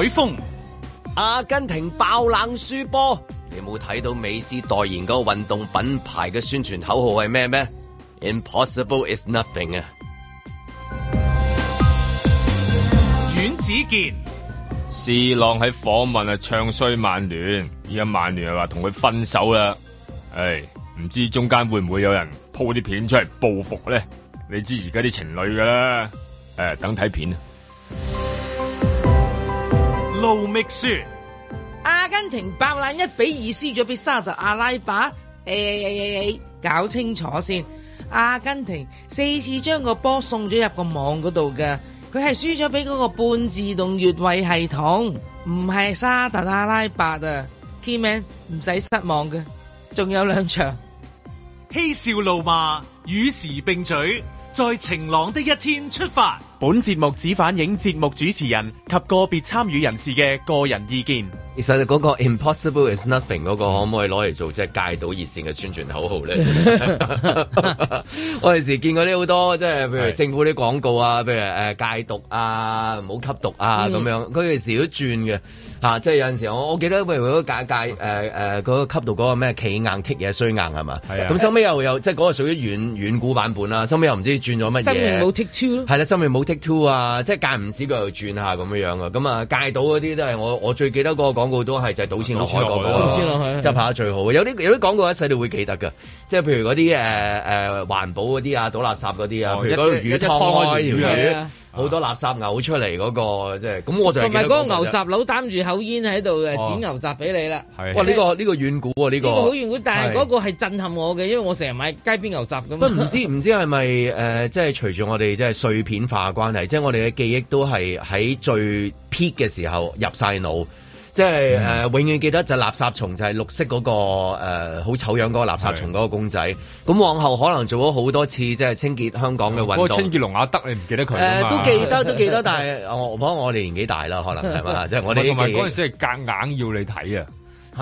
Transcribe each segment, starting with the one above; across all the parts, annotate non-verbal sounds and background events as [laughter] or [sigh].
海風，阿根廷爆冷輸波。你冇睇到美斯代言嗰個運動品牌嘅宣傳口號係咩咩？Impossible is nothing 啊。阮子健，C 朗喺訪問啊，唱衰曼聯，而家曼聯又話同佢分手啦。唉、哎，唔知中間會唔會有人鋪啲片出嚟報復咧？你知而家啲情侶噶啦，誒、哎、等睇片啊。奧秘書，阿根廷爆冷一比二輸咗俾沙特阿拉伯。誒、欸，搞清楚先，阿根廷四次將個波送咗入個網嗰度噶，佢係輸咗俾嗰個半自動越位系統，唔係沙特阿拉伯啊。Keyman 唔使失望嘅，仲有兩場，嬉笑怒罵與時並嘴。在晴朗的一天出發。本節目只反映節目主持人及個別參與人士嘅個人意見。其實嗰、那個 impossible is nothing 嗰、那個可唔可以攞嚟做即係戒賭熱線嘅宣傳，傳口號咧？ [laughs] [laughs] [laughs] [laughs] [laughs] 我哋陣時見過啲好多，即係譬如政府啲廣告啊，譬如誒戒毒啊，唔好吸毒啊咁樣，嗰陣時都轉嘅。啊、即係有陣時，我我記得，譬如嗰個戒戒誒誒嗰個級度嗰個咩企硬踢嘢衰硬係嘛？啊，啊！咁收尾又有即係嗰個屬於遠遠古版本啦，收尾又唔知轉咗乜嘢。生命冇 take two 係啦，生命冇 take two 啊！啊即係戒唔止佢又轉下咁樣樣咁啊，戒到嗰啲都係我我最記得嗰個廣告都係就係、是、賭錢好彩嗰個，即係拍得最好。有啲有啲廣告一世都會記得㗎，即係譬如嗰啲、啊啊、環保嗰啲啊，倒垃圾嗰啲啊，譬如魚湯開條魚。哦好多垃圾嘔出嚟嗰、那個，即係咁我就同埋嗰個牛雜佬擔住口煙喺度剪牛雜俾你啦、哦。哇！呢、這個呢、這個遠古喎、啊，呢、這個好遠、這個、古，但係嗰個係震撼我嘅，因為我成日買街邊牛雜㗎嘛。唔知唔知係咪、呃、即係隨住我哋即係碎片化關係， [laughs] 即係我哋嘅記憶都係喺最 peak 嘅時候入晒腦。即係誒，永遠記得就垃圾蟲，就係綠色嗰、那個誒，好、呃、醜樣嗰個垃圾蟲嗰個公仔。咁往後可能做咗好多次，即係清潔香港嘅運動。嗰、嗯那個清潔龍阿德你，你、呃、唔記得佢？誒， [laughs] 都記得，都記得，但係 [laughs] 我可能我哋年紀大啦，可能係嘛，即 [laughs] 係、就是、我哋。同埋嗰陣時係夾硬要你睇啊。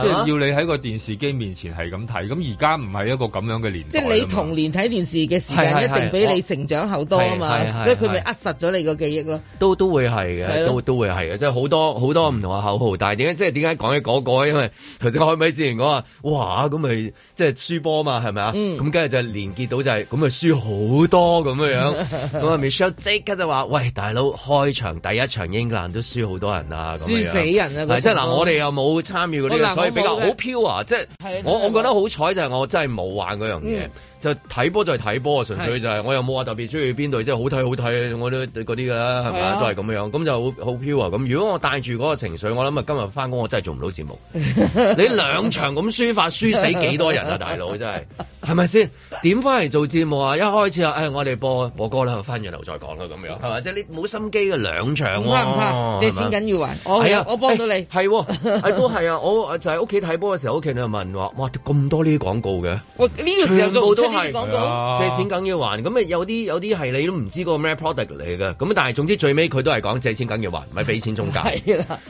是啊、即係要你喺個電視機面前係咁睇，咁而家唔係一個咁樣嘅年代。即係你童年睇電視嘅時間一定比你成長後多啊嘛，即係佢咪扼實咗你個記憶咯？都都會係嘅，都都會係嘅，即係好多好、嗯、多唔同嘅口號。但係點解即係點解講起嗰、嗰個？因為頭先開咪之前講話，哇咁咪即係輸波嘛，係咪啊？咁跟住就連結到就係咁咪輸好多咁樣樣。咁 [laughs] 啊 Michelle 即刻就話：喂大佬，開場第一場英格蘭都輸好多人啊！輸死人啊！嗱，即嗱，我哋又冇參與嗰啲、呢個。比較好飄啊！即係我我覺得好彩就係我真係冇玩嗰樣嘢。嗯就睇波就係睇波啊，純粹就係、是，我又冇話特別中意邊度，即、就、係、是、好睇好睇，我都嗰啲噶啦，係咪都係咁樣，咁就好好飄啊！咁如果我帶住嗰個情緒，我諗啊，今日翻工我真係做唔到節目。 [laughs] 你兩場咁輸法輸死幾多人啊，大佬真係，係咪先？點翻嚟做節目啊？一開始啊，我哋播播歌啦，翻轉頭再講啦，咁樣係咪？即係你冇心機嘅兩場，唔怕唔怕，借錢梗要還！我係幫到你係喎，都係啊！我就喺屋企睇波嘅時候，屋企人問話：哇，咁多呢啲廣告嘅？呢個時候仲出？係講，講借錢梗要還，咁咪有啲有啲係你都唔知個咩 product 嚟嘅，咁但係總之最尾佢都係講借錢梗要還，咪俾錢中介。係 [laughs] 啦，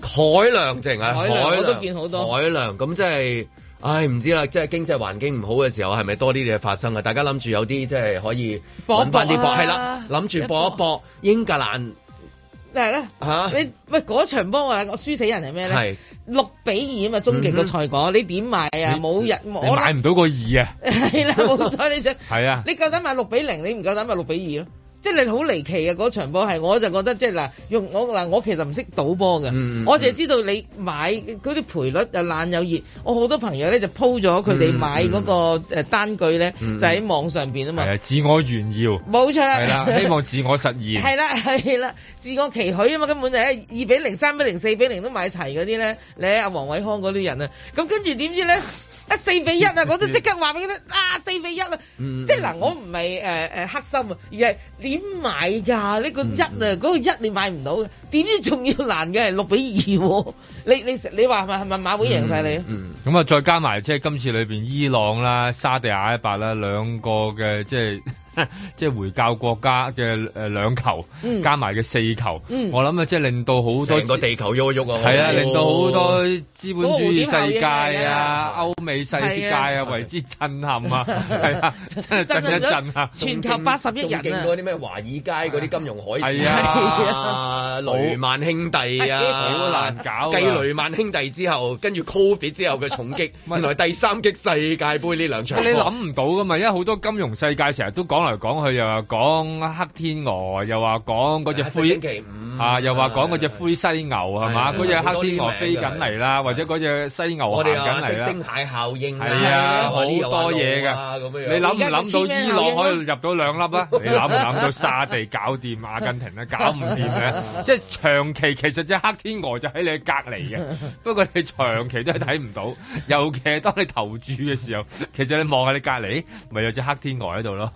海量淨係，我都見好多海量，咁即係，唉，唔知啦，即係經濟環境唔好嘅時候，係咪多啲嘢發生啊？大家諗住有啲即係可以諗翻啲搏，係啦，諗住搏一搏，啊，搏一搏，一搏英格蘭。係咧嚇，你喂嗰場波啊，我輸死人係咩咧？六比二啊嘛，終極個賽果，嗯、你點買啊？冇人，我買唔到個二啊！係啦，冇 [laughs] 錯，你想係啊？你夠膽買六比零？你唔夠膽咪六比二咯。即係你好離奇嘅嗰場波係，我就覺得即係嗱，用我嗱我，我其實唔識賭波嘅、嗯嗯嗯，我淨係知道你買嗰啲賠率又爛又熱，我好多朋友咧就鋪咗佢哋買嗰個單據咧，就喺網上面啊嘛，自我炫耀冇錯，係啦、啊啊，希望自我實現，係啦係啦，自我期許啊嘛，根本就係二比零、三比零、四比零都買齊嗰啲咧，你阿黃偉康嗰啲人啊，咁跟住點知咧？一 [laughs] 四比一啊！我都即刻話俾你聽啊。四比一啊！嗯嗯、即係嗱，我唔係誒誒黑心、這個、啊，而係點買噶呢個一啊？嗰個一你買唔到嘅，點知仲要難嘅係六比二？你你你話係咪係咪馬會贏晒你？嗯、咁、嗯、啊，嗯、再加埋即係今次裏邊伊朗啦、沙地阿拉伯啦兩個嘅即係。 [laughs] 即係回教國家嘅誒兩球，加埋嘅四球，嗯、我諗啊，即係令到好多個地球喐喐，係、哦、啊，令到好多資本主義世界啊、歐、啊、美世界啊，啊，世界啊，啊為之震撼啊，係啊，真係、啊、震一震啊！全球八十億人見過啲咩？華爾街嗰啲金融海嘯啊，啊 [laughs] 雷曼兄弟啊，好 [laughs] 難搞。繼雷曼兄弟之後，跟住 Covid 之後嘅重擊， [laughs] 原來第三擊世界杯呢兩場、啊，你諗唔到噶嘛？因為好多金融世界成日都講。講嚟講去又話講黑天鵝，又話講嗰隻灰星期五啊，又話講嗰隻灰犀牛係嘛？嗰隻黑天鵝飛緊嚟啦，或者嗰隻犀牛行緊嚟啦。定蟹效應係啊，好多嘢噶。你諗唔諗到伊朗可以入到兩粒啊？你諗唔諗到沙地搞掂阿根廷咧？搞唔掂咧？即係長期其實隻黑天鵝就喺你隔籬嘅，不過你長期都係睇唔到。尤其係當你投注嘅時候，其實你望下你隔籬，咪有隻黑天鵝喺度咯。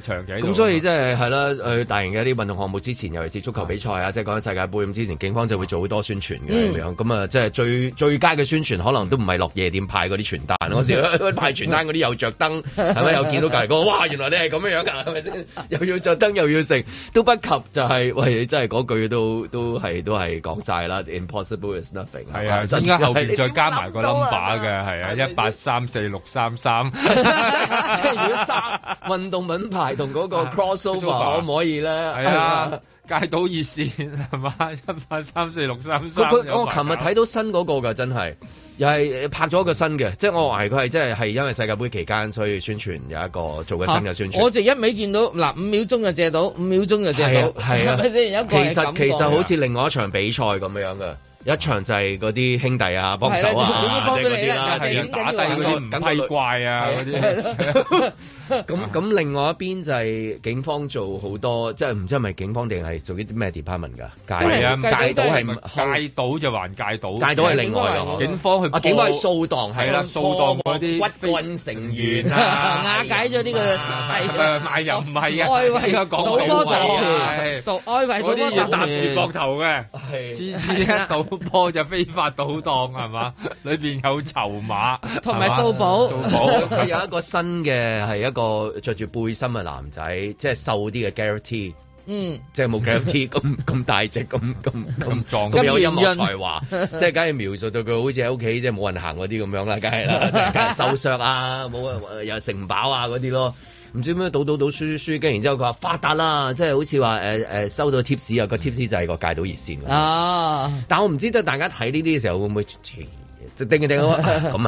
場景咁所以即係係啦，誒、呃、大型嘅一啲運動項目之前，尤其是足球比賽、嗯、啊，即係講緊世界盃咁之前，警方就會做好多宣傳嘅咁、嗯、樣。咁、嗯、啊，即、就、係、是、最最佳嘅宣傳，可能都唔係落夜店派嗰啲傳單。嗰、嗯、時、啊、派傳單嗰啲又着燈，係咪又見到隔籬講？哇！原來你係咁樣㗎，係咪 [laughs] 又要着燈，又要成都不及就係、是、喂，真係嗰句都都係都係講晒啦。Impossible is nothing 是是。係啊，真㗎，後面再加埋個 number 嘅係啊，一八三四六三三。是是 183, 4, 6, 3, 3, [laughs] [laughs] 即係如果三運動品牌。同嗰個 crossover、啊、可唔可以咧？係啊，啊，戒賭熱線係嘛，一八三四六三三。佢佢我琴日睇到新嗰個噶，真係又係拍咗個新嘅，即係我懷疑佢係真係係因為世界盃期間，所以宣傳有一個做嘅新嘅宣傳。啊、我直一尾見到嗱，五秒鐘就借到，五秒鐘就借到，係啊，啊是是，其實其實好似另外一場比賽咁樣噶。一場就係嗰啲兄弟啊，幫手啊，即係嗰啲打低嗰啲唔批怪啊嗰啲。咁咁、啊啊、 [laughs] 另外一邊就係警方做好多，即係唔知係咪警方定係做啲咩 department 㗎？戒啊，啊！戒賭係戒到就還戒到戒到係另，另外、啊啊。警方去掃蕩係啦，掃蕩嗰啲骨棍成員啊，瓦解咗呢個。誒賣油唔係嘅，外圍賭多集團，外圍啲搭住膊頭嘅，波 [laughs] 就非法賭檔係嘛，裏邊有籌碼，同埋掃寶，有，掃寶 [laughs] 有一個新嘅係一個着住背心嘅男仔，即係瘦啲嘅 guarantee，嗯，即係冇 guarantee 咁咁大隻，咁咁咁壯，咁咁咁有音樂才華， [laughs] 即係梗係描述到佢好似喺屋企即係冇人行嗰啲咁樣啦，梗係啦，即係瘦削啊，冇又食唔飽啊嗰啲咯。唔知咩賭賭賭輸輸輸，跟然之後佢話發達啦，即係好似話，呃呃、收到 t i p 個貼 i 就係個戒賭熱線啊。但我唔知即大家睇呢啲嘅時候會唔會？定定咁啊！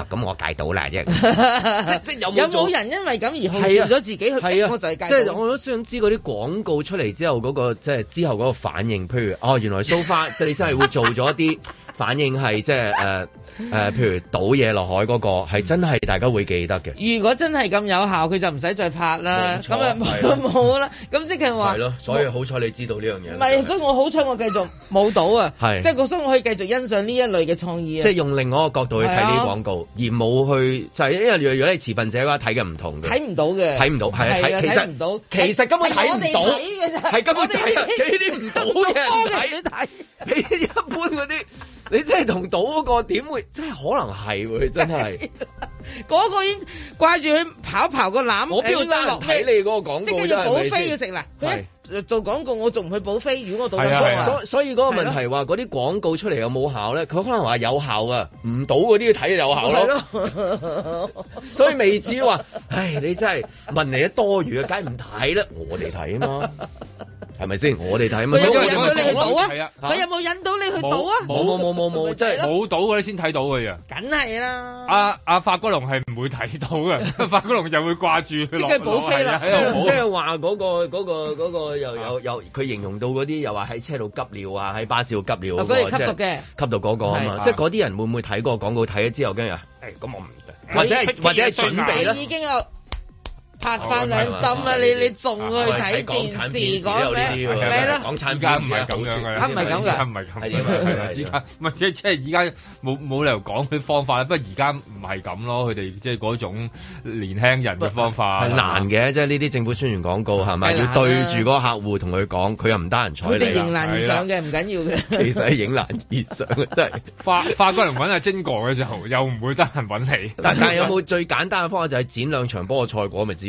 咁 [laughs] 我戒到啦啫。即即有冇人因為咁而控制咗自己去？係 [laughs] 啊，我戒。即、就是、我都想知嗰啲廣告出嚟之後嗰、那個即係、就是、之後嗰個反應，譬如哦，原來蘇花，即係真係會做咗一啲反應，係即係誒誒譬如倒嘢落海嗰、那個，係 [laughs] 真係大家會記得嘅。如果真係咁有效，佢就唔使再拍啦。咁啊冇啦，咁即係話，係咯，所以好彩你知道呢樣嘢。唔係。所以我好彩我繼續冇倒啊！係，即係所以我，我，啊就是、我可以繼續欣賞呢一類嘅創意啊！即、就、係、是、用另外一個。角。到去睇呢啲廣告，啊、而冇去就係因為如果你係持份者嘅話，睇嘅唔同嘅，睇唔到嘅，睇唔到，係啊，睇，睇唔到，其實根本睇唔到，我哋睇嘅啫，係根本睇睇啲唔到嘅，睇睇，比一般嗰啲。 [laughs] [laughs] 你真係同賭嗰個點會真係可能係喎，真係嗰 [laughs] 個已經怪住佢跑跑個籃，我邊度單睇你嗰個廣告啫？即係要補飛要食嗱。 [laughs] 做廣告我仲唔去補飛？如果我賭得翻，所以所以嗰個問題話嗰啲廣告出嚟有冇效咧？佢可能話有效㗎，唔賭嗰啲要睇有效咯。 [laughs] 所以未至於話，唉，你真係問嚟一多餘嘅，梗唔睇啦，我嚟睇啊嘛。係咪先？我哋睇嘛，所以我哋可以睇到啊！係啊，佢有冇引到你去賭啊？冇冇冇冇冇，即係冇賭你先睇到嘅樣。梗係啦，阿阿法國龍係唔會睇到嘅，法國龍就會掛住。 [laughs] 即係保飛啦，即係話嗰個嗰、嗰個嗰、嗰個又有有，佢形容到嗰啲又話喺車度急尿啊，喺巴士度急尿。我嗰日吸毒嘅，吸毒嗰、嗰個啊嘛，即係嗰啲人會唔會睇個廣告睇咗之後，跟住啊？咁我唔或者、哎、或者係準備拍三兩針啦，你你仲去睇電視嗰咩咩咧？講產，而家唔係咁樣嘅啦，唔係咁嘅，唔係咁嘅。即係即係而家冇冇理由講佢方法。不過而家唔係咁咯，佢哋即係嗰種年輕人嘅方法係難嘅，即係呢啲政府宣傳廣告係咪、啊、要對住嗰個客戶同佢講，佢又唔得人睬你。迎難而上嘅，唔緊要嘅。 [laughs] 其實係迎難而上嘅，真係花花嗰揾阿晶哥嘅時候，又唔會得閒揾你。但係有冇最簡單嘅方法，就係剪兩場波嘅賽果咪知？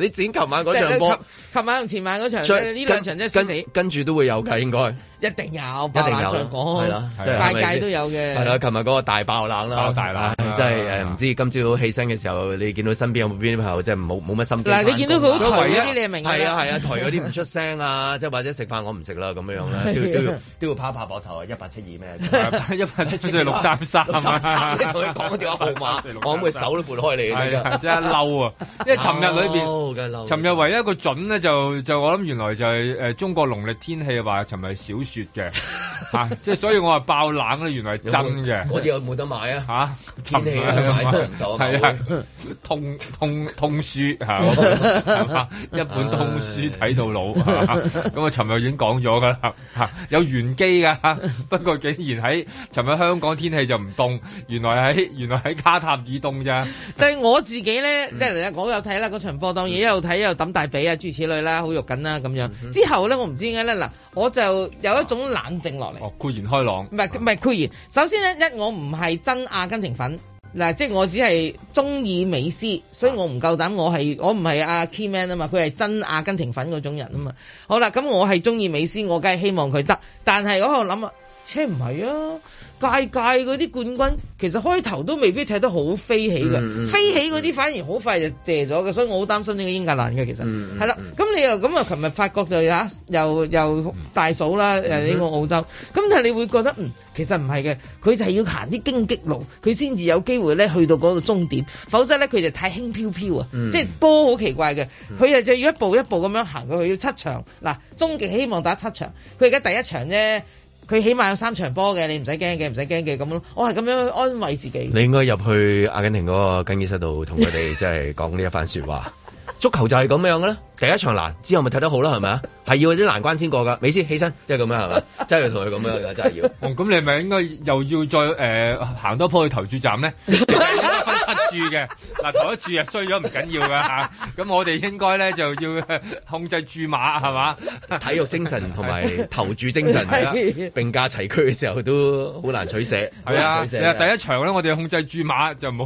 你剪琴晚嗰場波，琴、就是、晚同前晚嗰場，呢兩場真係想死，跟住都會有㗎應該，一定有，白馬再講，啦，嗯、大界都有嘅，係啦，琴日嗰個大爆冷啦，即係誒，唔、哎就是、知今朝起身嘅時候，你見到身邊有冇邊啲朋友，即係冇冇乜心？嗱，你見到佢好頹啲你明白，係啊係啊，頹嗰啲唔出聲啊，即 [laughs] 係或者食飯我唔食啦咁樣樣啦，都要都要趴要拍膊頭啊，一八七二咩？一八七，即係六三三，即係同佢講電話號碼，我諗手都撥開你即啫，真嬲啊，因為琴日裏邊。尋日唯一,一個準咧，就就我諗原來就係、是呃、中國農曆天氣話尋日小雪嘅。即、 [laughs] 啊、所以我話爆冷啦，原來係真嘅。我啲有冇得買啊？嚇、啊，氣啊，買生唔受通通通書嚇，一本通書睇到老，咁我尋日已經講咗㗎啦，有玄機㗎。不過竟然喺尋日香港天氣就唔凍，原來喺原來喺卡塔爾凍咋。 [laughs] [laughs] 但係我自己呢，即係嚟我有睇啦，嗰場波當然。又睇又抌大髀啊，諸如此類啦，好肉緊啦咁樣、嗯。之後咧，我唔知點解咧嗱，我就有一種冷靜落嚟、啊。哦，豁然開朗，唔係唔係豁然。首先咧，一我唔係真阿根廷粉，嗱、啊，即係我只係中意美斯，所以我唔夠膽。我係我唔係阿 Key Man 啊嘛，佢係真阿根廷粉嗰種人啊嘛、嗯。好啦，咁我係中意美斯，我梗係希望佢得。但係我喺度諗啊，誒唔係啊。屆屆嗰啲冠軍，其實開頭都未必踢得好飛起嘅，嗯嗯飛起嗰啲反而好快就謝咗嘅，嗯嗯所以我好擔心呢個英格蘭嘅其實，係、嗯、啦、嗯，咁你又咁啊，琴日法國，就吓又又大嫂啦，誒呢個澳洲，咁但係你會覺得，嗯，其實唔係嘅，佢就係要行啲荊棘路，佢先至有機會咧去到嗰個終點，否則咧佢就太輕飄飄啊，嗯、即係波好奇怪嘅，佢又就要一步一步咁樣行過去，要七場，嗱終極希望打七場，佢而家第一場啫。佢起碼有三場波嘅，你唔使驚嘅，唔使驚嘅，咁咯。我係咁樣去安慰自己。你應該入去阿根廷嗰個更衣室度同佢哋即係講呢一番說話。 [laughs] 足球就係咁樣嘅啦。第一場難，之後咪睇得好啦，係咪啊？係要嗰啲難關先過㗎。美斯起身，即係咁樣係嘛、就是？真係同佢咁樣真係要。咁、 [laughs] 嗯、你咪應該又要再誒、呃、行多鋪去投注站咧？ [laughs] [laughs] 其實應該分七注嘅，嗱投一注啊衰咗唔緊要㗎咁、啊、我哋應該咧就要控制注碼係嘛？體育精神同埋投注精神 [laughs] 並駕齊驅嘅時候都好難取捨。啊，第一場咧我哋控制注碼就唔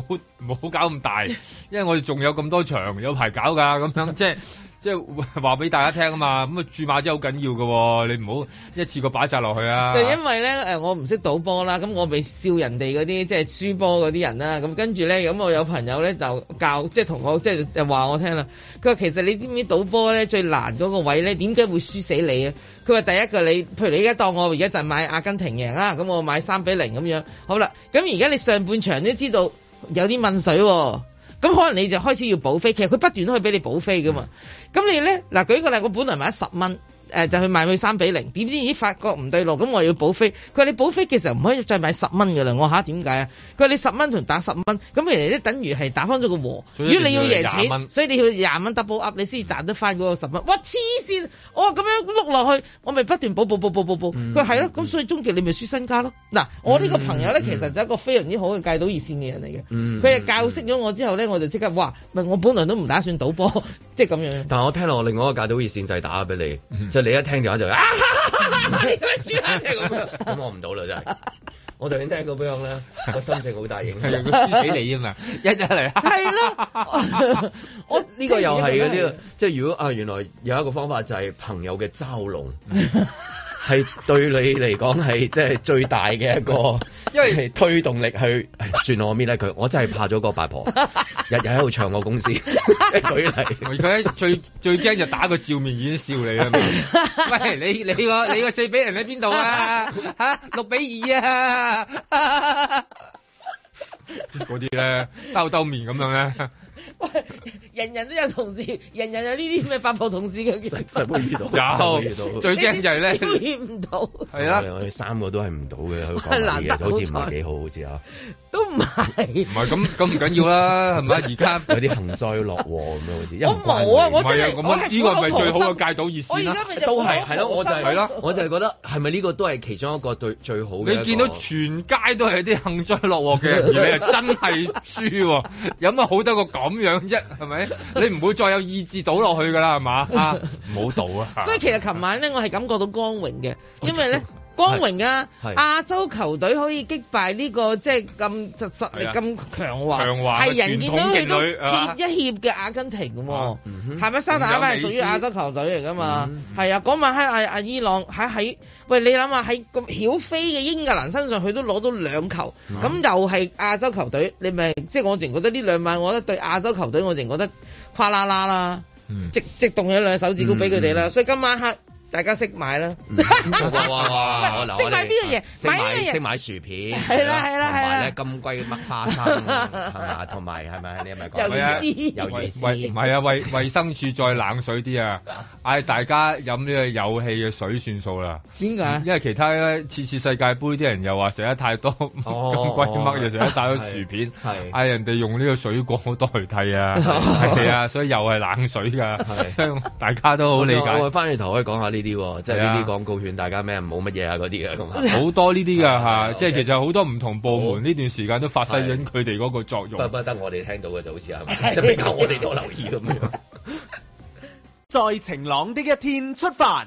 好搞咁大，因為我哋仲有咁多場有排搞㗎，咁樣即係。就是即係話俾大家聽啊嘛，咁啊注碼真係好緊要嘅，你唔好一次過擺晒落去啊！就因為咧誒，我唔識賭波啦，咁我咪笑人哋嗰啲即係輸波嗰啲人啦。咁跟住咧，咁我有朋友咧就教，即係同我即係就話我聽啦。佢話其實你知唔知賭波咧最難嗰個位咧，點解會輸死你啊？佢話第一個你，譬如你而家當我而家就買阿根廷贏啦，咁我買三比零咁樣，好啦，咁而家你上半場都知道有啲問水喎。咁可能你就開始要補飛，其實佢不斷都可以俾你補飛噶嘛。咁你咧嗱，舉個例，我本來買咗十蚊。誒、呃、就去買佢三比零，點知已經發覺唔對路，咁我又要補飛。佢話你補飛嘅時候唔可以再買十蚊嘅啦。我話嚇，點解啊？佢話你十蚊同打十蚊，咁人哋咧等於係打返咗個和。如果你要贏錢，所以你要廿蚊 double up 你先賺得翻嗰個十蚊。哇黐線！我咁樣碌落去，我咪不斷補補補補補補。佢話係咯，咁、嗯嗯、所以終極你咪輸身家咯。嗱、嗯，我呢個朋友咧、嗯、其實就一個非常之好嘅戒賭熱線嘅人嚟嘅。佢、嗯、係教識咗我之後咧，我就即刻哇！唔我本來都唔打算賭波，即係咁樣。但係我聽落我另外一個戒賭熱線就係打咗俾你。嗯即係你一聽電話就覺得啊，嗯、你個書下就係、是、咁樣，咁我唔到啦真係。我頭先聽咁樣啦，個心情好大影響，如果輸死你啊，一日嚟。係 [laughs] 啦 [laughs] [laughs] [laughs] [laughs] [laughs] 也，我 [laughs] 呢、這個又係嘅呢個即係如果啊，原來有一個方法就係朋友嘅嘲弄。嗯 [laughs] 係對你嚟講係即係最大嘅一個，因為推動力去算我咩咧？佢我真係怕咗個八婆，日日喺度唱我公司，舉例佢最最驚就打個照面已經笑你啦！ [laughs] 喂，你你個你個四比零喺邊度啊？吓六比二啊！嗰啲咧兜兜面咁樣咧。 [laughs] 喂，人人都有同事，人人有呢啲咩八婆同事嘅，遇到， [laughs] 遇到，最驚就係咧，遇唔到，係啦，三個都係唔到嘅，佢講嘢好似唔係幾好，好似啊，都唔係，唔係咁咁唔緊要啦，係 [laughs] 咪？而家有啲幸災樂禍咁樣好似，我冇啊，我真係呢、呢個係最好嘅戒賭意思啦，都係，係咯，我就係、係、咯、啊，我就係覺得係咪呢個都係其中一個最最好嘅？你見到全街都係啲幸災樂禍嘅， [laughs] 而你係真係輸，有乜好得過講？咁樣啫，係咪？ [laughs] 你唔會再有意志倒落去㗎啦，係嘛？啊，唔好倒啊！所以其實琴晚咧，我係感覺到光榮嘅，因為咧。光榮啊！亞洲球隊可以擊敗呢、這個即係咁實力咁、啊、強橫，係人見到佢都怯一怯嘅阿根廷喎、哦。係咪沙特阿拉伯係屬於亞洲球隊嚟㗎嘛？係、嗯嗯、啊，嗰晚喺阿阿伊朗喺喺，喂，你諗下喺咁曉飛嘅英格蘭身上佢都攞到兩球，咁又係亞洲球隊，你咪即係我淨覺得呢兩晚我覺得對亞洲球隊我淨覺得嘩啦啦啦，嗯、直直動起兩手指高俾佢哋啦、嗯嗯。所以今晚黑。大家識買啦！哇、 [laughs] 啊！我買呢個嘢，識買,識買,買，識買薯片，係啦係啦係咁貴嘅麥花生，同埋係咪你係咪講有意思？有、啊、意思喂？唔係啊，衛衛生署再冷水啲啊！嗌 [laughs] 大家飲呢個有氣嘅水算數啦。點解？因為其他次次世界盃啲人又話食得太多貴嘅麥， [laughs] 哦、麥 [laughs] 又食得太多薯片，嗌、 [laughs] 哎、人哋用呢個水果代替啊！係啊，所以又係冷水㗎，大家都好理解。我翻轉頭可以講下呢。啲即係呢啲廣告勸大家咩？冇乜嘢啊嗰啲啊，好 [laughs] 多呢啲噶嚇，即係其實好多唔同部門呢、嗯、段時間都發揮緊佢哋嗰個作用，得唔得？不我哋聽到嘅就好似係嘛，即係比較我哋多留意咁樣。在晴朗的一天出發。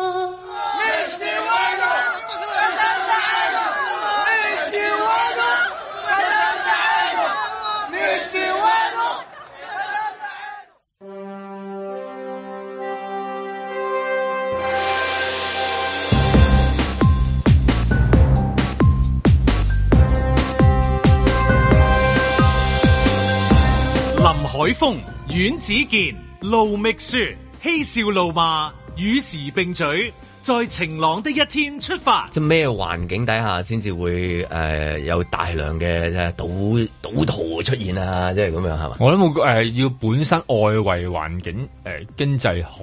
海峰、阮子健、盧覓雪，嬉笑怒罵，與時並舉，在晴朗的一天出發。即咩環境底下先至會誒有大量嘅賭賭徒出現啊？即係咁樣係嘛？我諗冇誒，要本身外圍環境誒經濟好，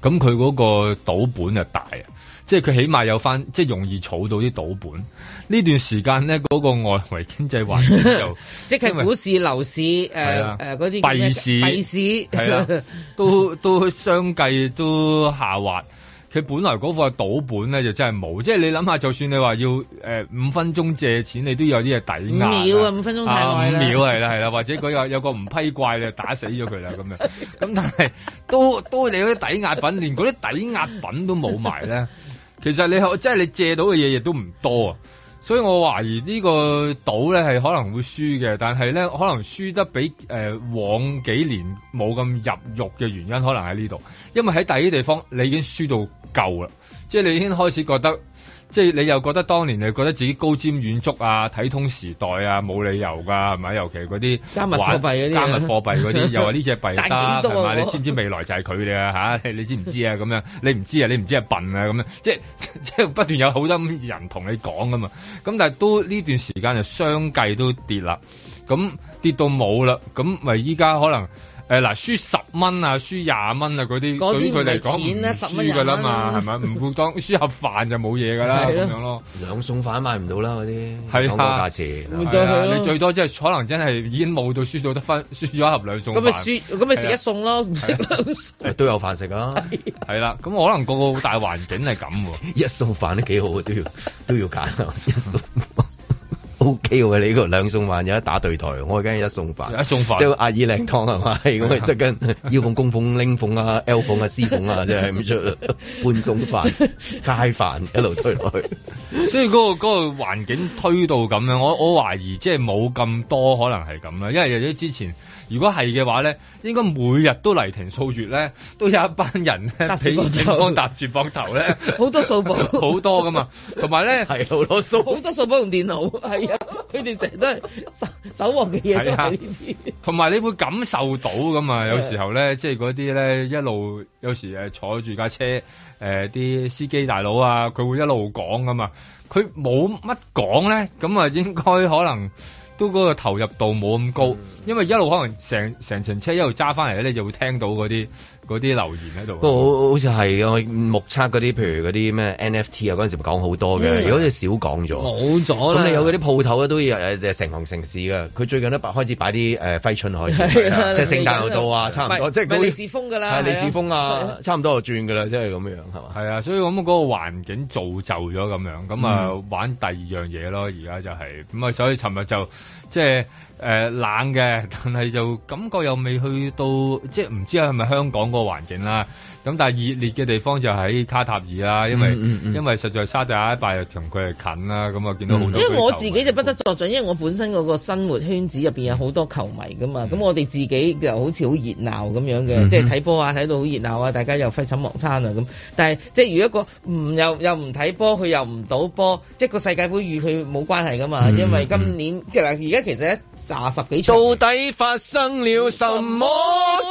咁佢嗰個賭本就大啊。即係佢起碼有翻，即係容易儲到啲賭本。呢段時間咧，嗰、嗰個外圍經濟環境就， [laughs] 即係股市、樓市、誒誒嗰啲幣市、幣、呃、市係、啊、都 [laughs] 都，都相繼都下滑。佢本來嗰個賭本咧，就真係冇。即係你諗下，就算你話要誒五、呃、分鐘借錢，你都有啲嘢抵押。五秒啊，五分鐘太耐啦。五、啊、秒係啦係啦，或者佢有有個唔批怪 [laughs] 你，打死咗佢啦咁樣。咁 [laughs] 但係都都你啲抵押品， [laughs] 連嗰啲抵押品都冇埋咧。其實你即係你借到嘅嘢，亦都唔多啊，所以我懷疑呢個賭咧係可能會輸嘅，但係咧可能輸得比誒、呃、往幾年冇咁入肉嘅原因可能喺呢度，因為喺第二啲地方你已經輸到夠啦，即係你已經開始覺得。即係你又覺得當年你覺得自己高瞻遠矚啊，睇通時代啊，冇理由㗎，係咪？尤其嗰啲加密貨幣嗰啲，加密啲、啊、 [laughs] 又話呢隻幣得同埋你知唔知未來就係佢哋啊？你知唔知啊？咁 [laughs] 樣你唔知啊，你唔知係笨啊咁、啊、樣，即係即係不斷有好多人同你講㗎嘛。咁但係都呢段時間就相繼都跌啦，咁跌到冇啦，咁咪依家可能。誒、哎，嗱，輸十蚊啊，輸廿蚊啊，嗰啲、啊、對佢嚟講，輸噶啦嘛，係咪？唔會當 [laughs] 輸盒飯就冇嘢㗎啦，咁 [laughs] 樣咯。兩餸飯買唔到啦，嗰啲。係啊，價錢、啊、你最多即、就、係、是、可能真係已經冇到輸到得返，輸咗一盒兩餸。咁咪輸，咁咪食一餸咯。啊啊、 [laughs] 都有飯食啊，係 [laughs] 啦、啊。咁可能個個好大環境係咁喎。 [laughs] 一餸飯都幾好啊，都要都要揀、啊、一餸。 [laughs] O K 喎，你、這個兩餸飯有得打對台，我而家一餸飯，一餸飯即係阿姨靚湯係咪咁？即跟腰 [laughs] [laughs] 鳳、鳳、公鳳、鈴鳳啊、 [laughs] L 鳳啊、C 鳳啊，即、就、係、是、半餸飯、齋 [laughs] 飯一路推落去，即 [laughs] 以嗰、那個嗰、那個、環境推到咁樣，我我懷疑即係冇咁多可能係咁啦，因為有啲之前。如果係嘅話咧，應該每日都嚟停數月咧，都有一班人咧喺警方搭住膊頭咧，好 [laughs] 多數報好 [laughs] 多噶嘛，同埋咧係攞數好多數報用電腦，係啊，佢哋成日都係守守望嘅嘢係啊，同埋你會感受到㗎嘛。有時候咧，即係嗰啲咧一路有時坐住架車啲、呃、司機大佬啊，佢會一路講噶嘛，佢冇乜講咧，咁啊應該可能。都嗰個投入度冇咁高，因為一路可能成成程車一路揸翻嚟咧，你就會聽到嗰啲。嗰啲留言喺度，都、嗯、好好似係我目測嗰啲，譬如嗰啲咩 NFT 啊，嗰陣時講好多嘅，如果好似少講咗，冇咗啦。咁你有嗰啲鋪頭咧，都要成行成市嘅。佢最近都開始擺啲誒揮春開始，即 [laughs] 係、啊就係、聖誕又到啊，差唔多，係啊、即係利是封㗎啦，利是、啊啊、封啊，啊差唔多就轉㗎啦，即係咁樣係嘛？係啊，所以咁嗰、嗰個環境造就咗咁樣，咁啊玩第二樣嘢咯。而家就係咁啊，所以尋日就即係。誒、呃、冷嘅，但係就感覺又未去到，即係唔知係咪香港個環境啦、啊。咁但係熱烈嘅地方就喺卡塔爾啦、啊，因為嗯嗯嗯因為實在沙特阿拉伯同佢係近啦，咁啊見到好多。因為我自己就不得作準，因為我本身嗰個生活圈子入面有好多球迷噶嘛，咁、嗯、我哋自己又好似好熱鬧咁樣嘅、嗯嗯，即係睇波啊睇到好熱鬧啊，大家又廢寢忘餐啊咁。但係即係如果個唔又又唔睇波，佢又唔賭波，即係個世界盃與佢冇關係噶嘛。因為今年即係而家其實炸十幾場，到底發生了什麼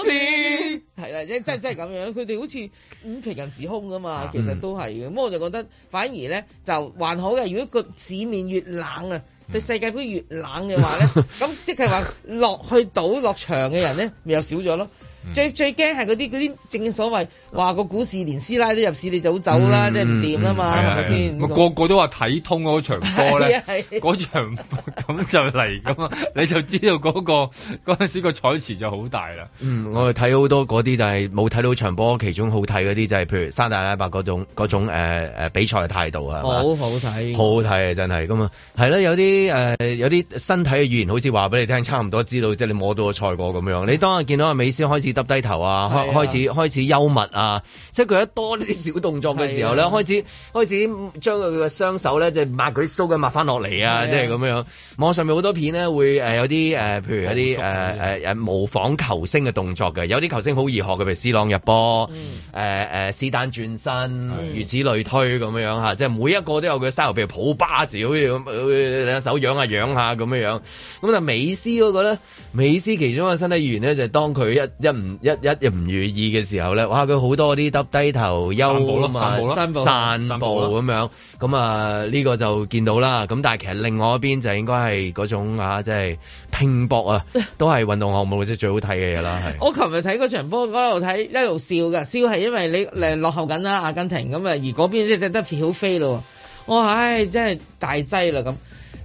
事？係啦，即係真係真係咁樣，佢哋好似五平行時空㗎嘛，其實都係嘅。咁、嗯、我就覺得反而咧就還好嘅。如果個市面越冷啊，嗯、對世界盃越冷嘅話咧，咁、嗯、即係話落去賭落場嘅人咧，咪又少咗咯。最最驚係嗰啲嗰啲正所謂話個股市連師奶都入市，你就好走啦，嗯、即係唔掂啦嘛，係咪先？個個都話睇通嗰場波咧，嗰場咁 [laughs] 就嚟咁啊，你就知道嗰、那個嗰陣 [laughs] 時個彩池就好大啦。嗯，我哋睇好多嗰啲，就係冇睇到場波其中好睇嗰啲，就係譬如山大拉伯嗰種嗰種、呃、比賽嘅態度啊，好好睇，好好睇啊！真係咁啊，係啦，有啲誒、呃、有啲身體嘅語言好似話俾你聽，差唔多知道即係、就是、你摸到個賽果咁樣。你當日見到阿美先開始。耷低頭啊，開開始、啊、開始幽默啊，即係佢一多呢啲小動作嘅時候咧、啊，開始開始將佢嘅雙手咧，就是、抹佢啲鬚嘅抹翻落嚟啊，即係咁樣。網上面好多片咧，會誒有啲誒、呃，譬如有啲誒誒模仿球星嘅動作嘅，有啲球星好易學嘅，譬如斯朗入波，誒誒斯丹轉身、嗯，如此類推咁樣樣吓，即係每一個都有佢 style，譬如抱巴士，好似咁，手揚下揚下咁樣樣。咁但美斯嗰個咧，美斯其中嘅身體語言咧，就當佢一一。一一唔如意嘅時候咧，哇！佢好多啲耷低頭休，散步咯嘛，散步，散步咁樣，咁啊呢個就見到啦。咁但係其實另外一邊就應該係嗰種啊，即係拼搏啊，都係運動項目即係最好睇嘅嘢啦。係。我琴日睇嗰場波，嗰度睇一路笑㗎，笑係因為你誒落後緊啦，阿根廷咁啊，而嗰邊即係得皮好飛咯，我唉真係大劑啦咁。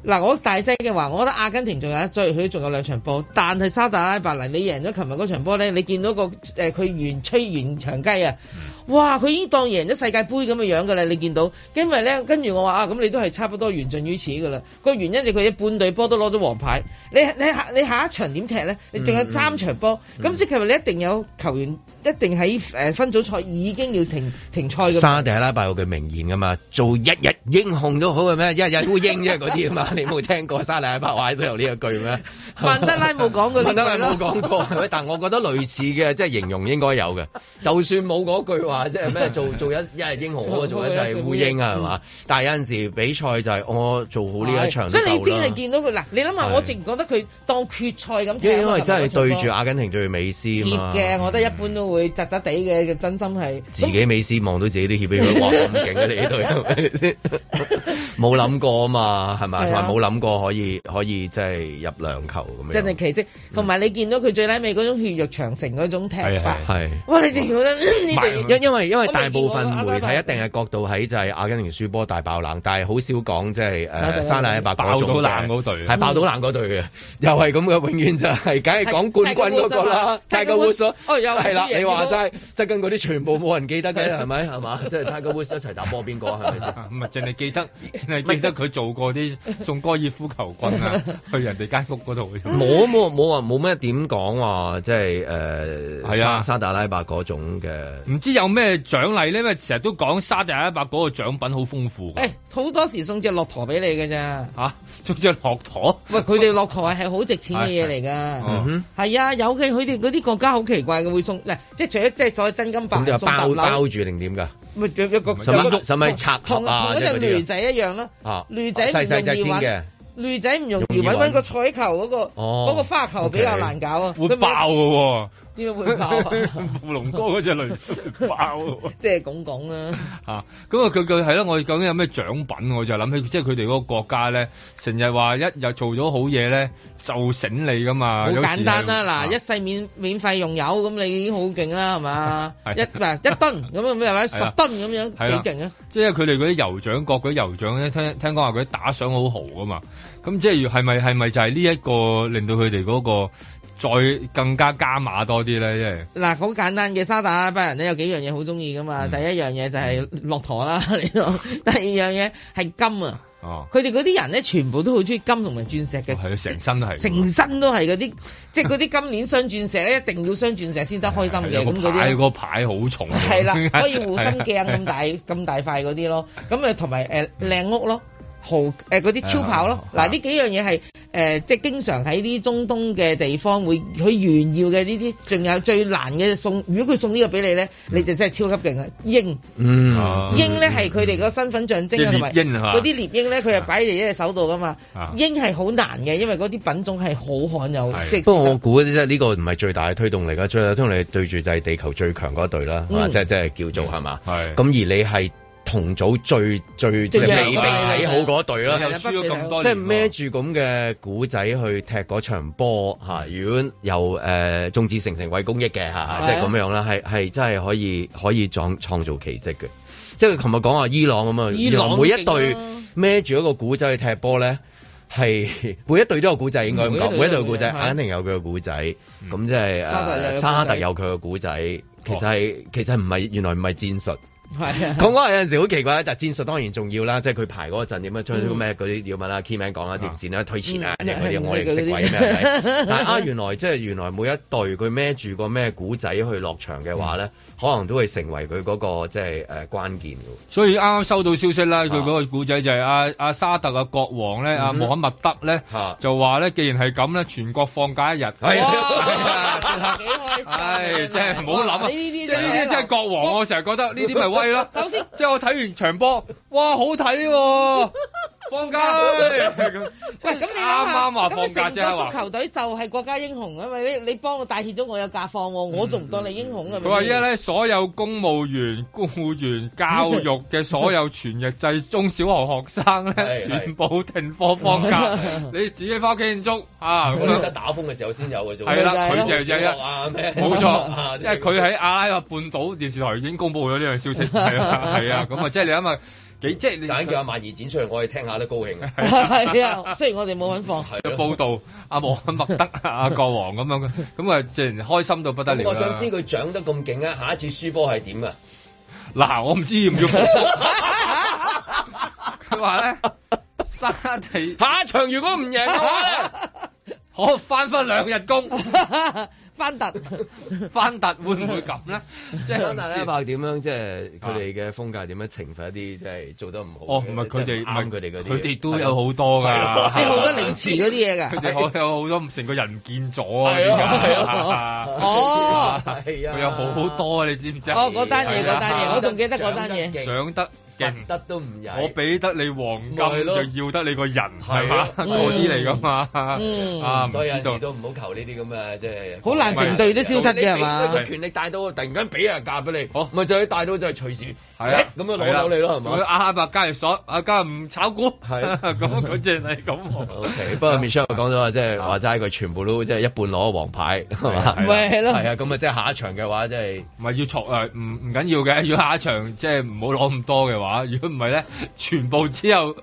嗱我大劑嘅話，我覺得阿根廷仲有一追，佢仲有兩場波。但係沙特阿拉伯嚟，你贏咗琴日嗰場波咧，你見到個誒佢、呃、完吹完場雞啊！哇，佢已經當贏咗世界盃咁嘅樣噶啦！你見到，因為咧跟住我話啊，咁你都係差不多緣盡於此噶啦。個原因就佢一半隊波都攞咗黃牌。你你，你，下你下一場點踢咧？你仲有三場波，咁、嗯嗯、即係其實你一定有球員一定喺誒分組賽已經要停停賽。沙特阿拉伯有句名言噶嘛，做一日英雄都好嘅咩？一日烏英啫嗰啲啊嘛～ [laughs] 你冇聽過沙厲阿伯話都有呢一句咩？ [laughs] 曼德拉冇講過， [laughs] 過，曼德拉冇講過，但係我覺得類似嘅 [laughs] 即係形容應該有嘅。就算冇嗰句話，即係咩做做一一人英雄，我 [laughs] 做嘅一 [laughs] 就係烏蠅係咪？ [laughs] 但係有陣時比賽就係我做好呢一場，即係你真係見到佢嗱，你諗下，我直唔覺得佢當決賽咁。因，因為真係對住阿根廷對美斯嘛。怯嘅，我覺得一般都會窒窒哋嘅，真心係、嗯、自己美斯望到自己都怯俾佢，咁勁嘅呢隊，係咪先？冇諗過可以可以即係、就是、入兩球咁樣真係奇跡，同埋你見到佢最 last 尾嗰種血肉長城嗰種踢法，係、嗯、哇！你真係覺得你哋因因為因為大部分媒體一定係角度喺就係阿根廷輸波大爆冷，但係好少講即係誒沙拉維爆冷嗰隊，係爆到冷嗰隊嘅、嗯，又係咁嘅，永遠就係梗係講冠軍嗰個啦。Tiger Woods 哦，又係啦，你話齋即係嗰啲全部冇人記得嘅，係咪係嘛？即係 Tiger Woods 一齊打波邊個係咪？唔係淨係記得，淨係記得佢做過啲 [laughs] 哥爾夫球棍啊，去人哋間屋嗰度冇冇冇話冇咩點講，即係誒，係、呃、啊，沙特阿拉伯嗰種嘅，唔知有咩獎勵咧？因為成日都講沙特阿拉伯嗰個獎品好豐富誒、欸，好多時送隻駱駝俾你嘅啫。吓、啊，送隻駱駝？喂，佢哋駱駝係好值錢嘅嘢嚟噶。嗯哼，係啊，尤其佢哋嗰啲國家好奇怪嘅，會送嗱，即係除咗即係再真金白，咁包包住定點噶？咪做一個咁、啊，同同嗰隻獵仔一樣咯、啊。獵、啊啊、仔唔容易揾，獵、哦、仔唔容易揾揾個彩球嗰、那個，嗰、哦那個花球比較難搞啊，okay、會爆噶、啊點會爆啊？富龍哥嗰隻雷爆，即係講講啦。吓，咁啊，佢佢係咯，我哋究竟有咩獎品？我就諗起，即係佢哋嗰個國家咧，成日話一日做咗好嘢咧，就醒你噶嘛。好簡單啦，嗱，一世免免費用油，咁你已經好勁啦，係嘛？係一嗱一噸咁樣咩？係咪十噸咁樣？係啊，幾勁啊！即係佢哋嗰啲酋長國嗰啲酋長咧，聽聽講話佢打賞好豪噶嘛。咁即係係咪係咪就係呢一個令到佢哋嗰個？再更加加碼多啲咧，即係嗱，好簡單嘅沙特阿拉伯人咧，有幾樣嘢好中意噶嘛、嗯。第一樣嘢就係駱駝啦你，第二樣嘢係金啊。哦，佢哋嗰啲人咧，全部都好中意金同埋鑽石嘅。係、哦、啊，成身，身都係，成身都係嗰啲，即係嗰啲金鏈、鑲鑽石咧，一定要鑲鑽石先得開心嘅咁嗰啲。係個牌好、那個、重。係啦，可以護身鏡咁大咁 [laughs] 大塊嗰啲咯。咁啊，同埋誒靚屋咯。豪嗰啲超跑咯，嗱、啊、呢幾樣嘢係誒即係經常喺啲中東嘅地方會去炫耀嘅呢啲，仲有最難嘅送，如果佢送呢個俾你咧，你就真係超級勁、嗯嗯嗯嗯嗯、啊！鷹嗯，鷹咧係佢哋個身份象徵啊，同埋嗰啲獵鷹咧，佢又擺喺喺隻手度噶嘛。鷹係好難嘅，因為嗰啲品種係好罕有。這個、不過我估嗰啲呢個唔係最大嘅推動嚟噶，最大推動嚟對住就係地球最強嗰一隊啦，即係即係叫做係嘛？咁、嗯、而你係。同組最最即係未被睇好嗰隊囉，係輸咗咁多，即係孭住咁嘅古仔去踢嗰場波吓、嗯。如果有誒眾志成城為公益嘅吓，即係咁樣啦，係係真係可以可以創創造奇蹟嘅。即係佢琴日講話伊朗咁啊，伊朗每一隊孭住一個古仔去踢波咧，係每一隊都有古仔應該咁講，每一隊有古仔，肯定有佢嘅古仔。咁即係沙特，嗯就是 uh, 沙特有佢嘅古仔。其實係其實唔係原來唔係戰術。係，講嗰有時好奇怪但戰術當然重要啦，即係佢排嗰陣點樣出咩嗰啲要乜啦，key man 講啦，點線啦，推前啊，即係啲我哋識位咩、嗯？但係啊，原來即係原來每一隊佢孭住個咩古仔去落場嘅話咧、嗯，可能都會成為佢嗰、嗰個即係誒關鍵，所以啱啱收到消息啦，佢嗰個故仔就係、是、啊，阿、啊、沙特嘅國王咧，阿穆罕默德咧就話咧，既然係咁咧，全國放假一日，哇，幾開心，即係唔好諗啊！呢啲即係呢啲即係國王，哎、我成日覺得呢啲咪。係啦，首先即係我睇完場波，哇，好睇喎 [laughs] 放假咁，喂咁你啱啱話放假？咁你成個足球隊就係國家英雄啊嘛、啊！你你幫我帶協咗，我有假放，我仲唔當你英雄啊？佢話依家咧，所有公務員、僱、嗯、員、嗯、教育嘅所有全日制中小學學生咧、嗯，全部停課放假、嗯。你自己翻屋企煮啊，嗯、得打風嘅時候先有嘅啫嘛。係、啊、啦，佢、啊、就一一冇錯，即係佢喺阿拉伯半島電視台已經公布咗呢樣消息。係 [laughs] 啊，係啊，咁啊，即係你諗下。幾即係，你陣間叫阿萬兒展出嚟，我哋聽下都高興。係 [laughs] [laughs] 啊，啊，雖然我哋冇揾放行。報道阿莫阿默德阿國王咁樣嘅，咁啊，自然開心到不得了、嗯、我想知佢長得咁勁啊，下一次輸波係點啊？嗱，我唔知要唔要。佢話咧，沙地下一場如果唔贏 [laughs] 好返返兩日工，返 [laughs] 翻突返 [laughs] 突會唔會咁咧？即係翻突呢一派點樣？即係佢哋嘅風格點樣懲罰一啲即係做得唔好？哦，唔係佢哋問佢哋嗰啲，佢哋都有好多㗎，即係好多靈詞嗰啲嘢㗎。佢哋有好多唔成個人見咗 [laughs] 是啊！係 [laughs] 啊！係 [laughs] 啊！哦，係啊！佢有好多啊！你知唔知啊？哦，嗰單嘢嗰單嘢，我仲記得嗰單嘢，得都唔易，我俾得你黃金就要得你個人，係、啊、嘛？嗰啲嚟噶嘛？啊，所以有時都唔好求呢啲咁嘅即係，好、就是、難成隊都消失嘅嘛？你權力大到突然間俾人嫁俾你，咪、啊、就係、是、大到就係、是、隨時係啊咁樣攞到你咯，係嘛、啊？阿伯加入鎖，阿嘉唔炒股，係咁佢即係咁。啊啊、 [laughs] o Okay , K， [laughs] 不過 Michelle 講咗話，即係話齋佢全部都即係、就是、一半攞黃牌，係嘛？係係啊，咁啊即係下一場嘅話，即係咪要錯？誒唔唔緊要嘅，要下一場即係唔好攞咁多嘅話。啊！如果唔係咧，全部之後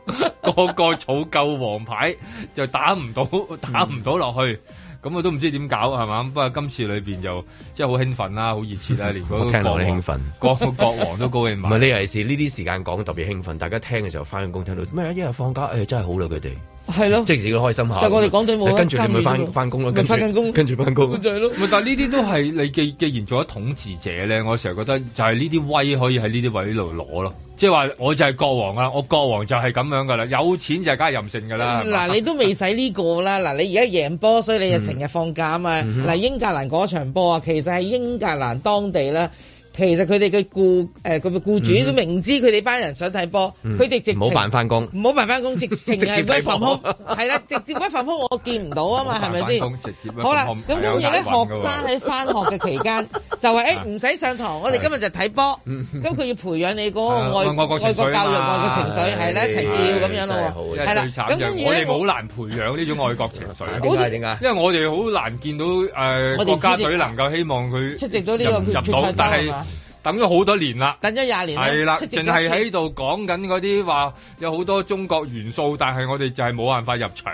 個個儲夠黃牌，就打唔到，打唔到落去。咁我都唔知點搞係嘛？不過今次裏邊就即係好興奮啦、啊，好熱切啦、啊，連個國王都興奮，國王都高興埋。唔係你尤其是呢啲時間講特別興奮，大家聽嘅時候翻緊工聽到咩一日放假，誒、哎、真係好啦佢哋。係咯，即時自開開心下。但我哋講真，冇。跟住你咪翻翻工咯，跟翻緊工，跟住翻工，跟 [laughs] 就咯是了。咪 [laughs] 但呢啲都係你既既然做咗統治者咧，我成日覺得就係呢啲威可以喺呢啲位度攞咯。即係話我就係國王啊，我國王就係咁樣噶啦，有錢就梗係任性噶啦。嗱、嗯，你都未使呢個啦。嗱，你而家贏波，所以你就成日放假啊嘛。嗱、嗯，嗯，英格蘭嗰場波啊，其實係英格蘭當地啦。其實佢哋嘅僱誒，佢嘅僱主都明知佢哋班人想睇波，佢、嗯、哋直接唔好辦翻工，唔好辦翻工，直情係鬼防空，係啦，直接鬼防 [laughs] 空，我見唔到啊嘛，係咪先？直接直接 [laughs] 好啦，咁跟住咧，學生喺翻學嘅期間 [laughs] 就話誒唔使上堂， [laughs] 我哋今日就睇波，咁、嗯、佢、嗯、要培養你嗰個愛國愛國教育、愛、哎、國情緒，係咧齊叫咁樣咯，係啦。咁如果咧，我哋好難培養呢種愛國情緒點解？因為我哋好難見到誒國家隊能夠希望佢出席到呢個等咗好多年啦，等咗廿年啦，係啦，淨係喺度講緊嗰啲話，有好多中國元素，但係我哋就係冇辦法入場，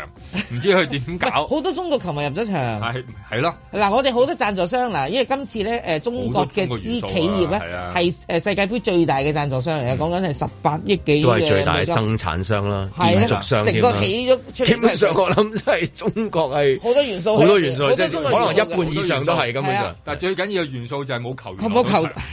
唔 [laughs] 知佢點搞。好多中國球迷入咗場，係係咯。嗱，我哋好多贊助商啦，因為今次咧，誒，中國嘅資企業咧，係誒世界盃最大嘅贊助商嚟嘅，講緊係十八億幾，都係最大嘅生產商啦，建築商。成個企咗出嚟，基本上我諗都係中國係。好多元素，好多元素，就是，即係可能一半以上都係根本上，但係最緊要嘅元素就係冇球員。冇球。求 [laughs]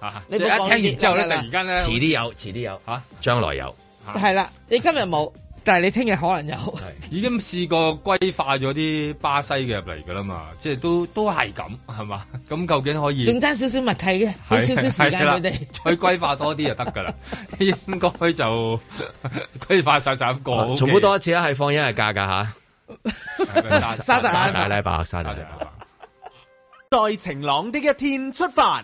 吓，即係一聽完之後咧，突然間咧，遲啲有，遲啲有將來有。係、啊、啦，你今日冇，但係你聽日可能有。嗯、 [laughs] 已經試過歸化咗啲巴西嘅入嚟噶啦嘛，即係都都係咁，係嘛？咁究竟可以？仲爭少少默契嘅，少少時間佢哋再歸化多啲就得噶啦， [laughs] 應該就歸化曬晒咁講。重複多一次啊，係放一日假㗎嚇、啊 [laughs] 沙達拉拜，沙達拉拜。巴巴 [laughs] 在晴朗的一天出發。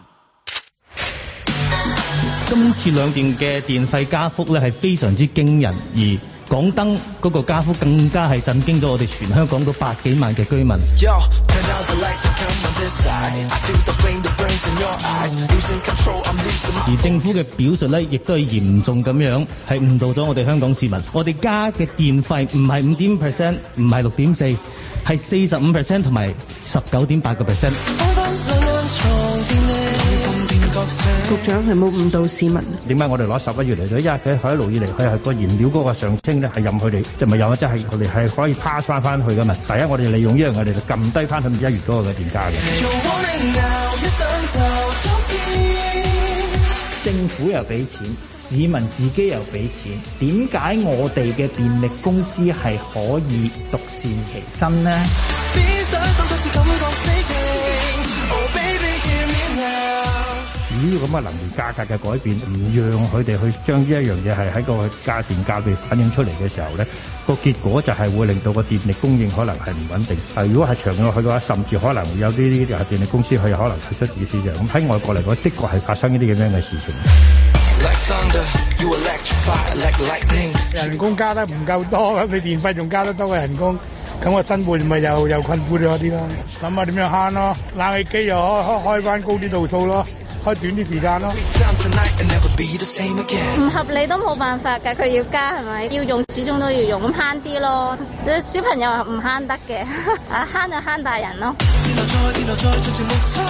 今次兩電嘅電費加幅咧係非常之驚人，而港燈嗰個加幅更加係震驚咗我哋全香港嗰百幾萬嘅居民。而政府嘅表述咧，亦都係嚴重咁樣係誤導咗我哋香港市民。我哋加嘅電費唔係五點 percent，唔係六點四，係四十五 percent 同埋十九點八個 percent。局長係冇誤導市民。點解我哋攞十一月嚟咗？因為佢喺一路以嚟，佢係個燃料嗰個上升，咧，係任佢哋，即係唔係又即係佢哋係可以 pass 翻翻去噶嘛？第一，我哋利用依樣嘢，我哋就撳低翻去唔知一月嗰個電價嘅。政府又俾錢，市民自己又俾錢，點解我哋嘅電力公司係可以獨善其身呢？主要咁嘅能源價格嘅改變，唔讓佢哋去將呢一樣嘢係喺個價電價被反映出嚟嘅時候咧，個結果就係會令到個電力供應可能係唔穩定。啊，如果係長落去嘅話，甚至可能會有啲啲電力公司佢可能退出市場。咁喺外國嚟講，的確係發生呢啲咁樣嘅事情。人工加得唔夠多，咁你電費仲加得多嘅人工，咁個生活咪又又困苦咗啲咯。諗下點樣慳咯，冷氣機又開開開返高啲度數咯。開短啲時間咯，唔合理都冇辦法㗎，佢要加係咪？要用始終都要用，咁慳啲咯。小朋友唔慳得嘅，啊慳就慳大人咯。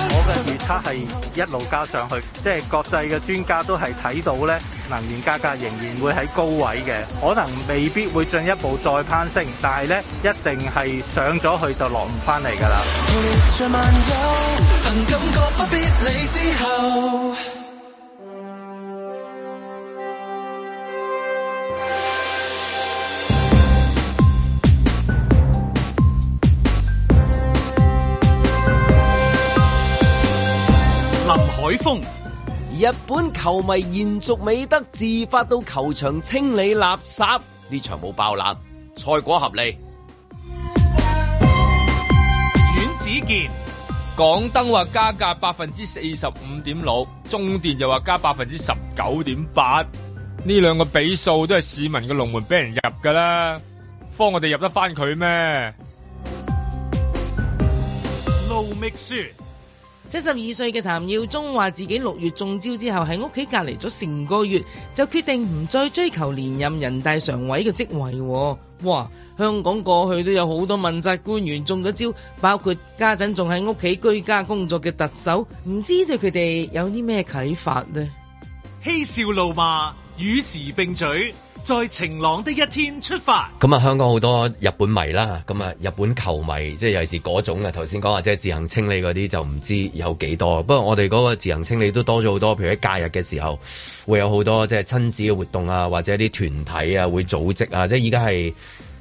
我嘅預測係一路加上去，即係國際嘅專家都係睇到咧，能源價格仍然會喺高位嘅，可能未必會進一步再攀升，但係咧一定係上咗去就落唔翻嚟㗎啦。 [music] 林海峰，日本球迷延續美德，自發到球場清理垃圾，呢場冇爆冷，賽果合理。阮子健。港燈話加價百分之四十五點六，中電又話加百分之十九點八，呢兩個比數都係市民嘅龍門俾人入噶啦，幫我哋入得返佢咩？路覓說，七十二歲嘅譚耀宗話自己六月中招之後喺屋企隔離咗成個月，就決定唔再追求連任人大常委嘅職位。哇！香港過去都有好多問責官員中咗招，包括家陣仲喺屋企居家工作嘅特首，唔知對佢哋有啲咩睇法呢？嬉笑怒罵，與時並嘴，在晴朗的一天出發。咁啊，香港好多日本迷啦，咁啊，日本球迷即係尤其是嗰種嘅，頭先講話即係自行清理嗰啲就唔知有幾多。不過我哋嗰個自行清理都多咗好多，譬如喺假日嘅時候，會有好多即係親子嘅活動啊，或者啲團體啊會組織啊，即係而家係。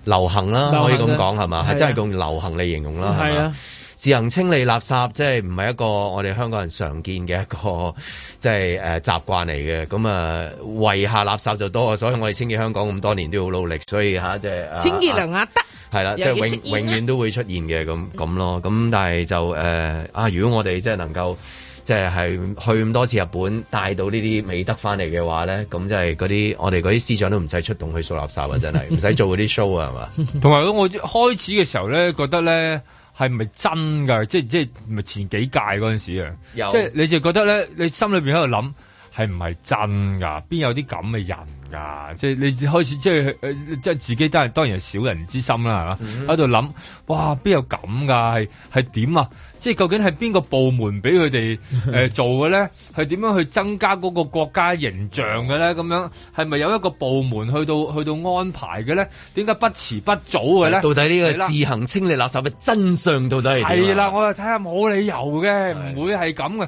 流行啦，行可以咁講係嘛？係、啊、真係用流行嚟形容啦，係嘛、啊？自行清理垃圾即係唔係一個我哋香港人常見嘅一個即係誒習慣嚟嘅。咁啊遺下垃圾就多，所以我哋清潔香港咁多年都好努力，所以嚇即係清潔良壓得係啦，即、啊、係、啊啊就係、永永遠都會出現嘅咁咁咯。咁但係就誒、呃、啊，如果我哋即係能夠。即、去咁多次日本，帶到呢啲美德翻嚟嘅話咧，咁就係嗰啲我哋嗰啲司長都唔使出動去掃垃圾啊！真係唔使做嗰啲 show 啊 [laughs] 嘛。同埋咁，我開始嘅時候咧，覺得咧係咪真㗎？即係即係咪前幾屆嗰陣時啊？即係、你就覺得咧，你心裏邊喺度諗。係唔係真噶？邊有啲咁嘅人噶？即係你開始即係誒，即係自己都係當然係小人之心啦，係嘛？喺度諗，哇，邊有咁噶？係係點啊？即係究竟係邊個部門俾佢哋誒做嘅咧？係 [laughs] 點樣去增加嗰個國家形象嘅咧？咁樣係咪有一個部門去到去到安排嘅咧？點解不遲不早嘅咧？到底呢個自行清理垃圾嘅真相到底係？係啦，我睇下冇理由嘅，唔會係咁嘅。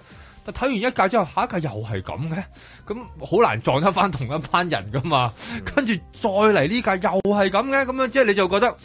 睇完一屆之後，下一屆又係咁嘅，咁好難撞得翻同一班人噶嘛。跟、嗯、住再嚟呢屆又係咁嘅，咁樣即係你就覺得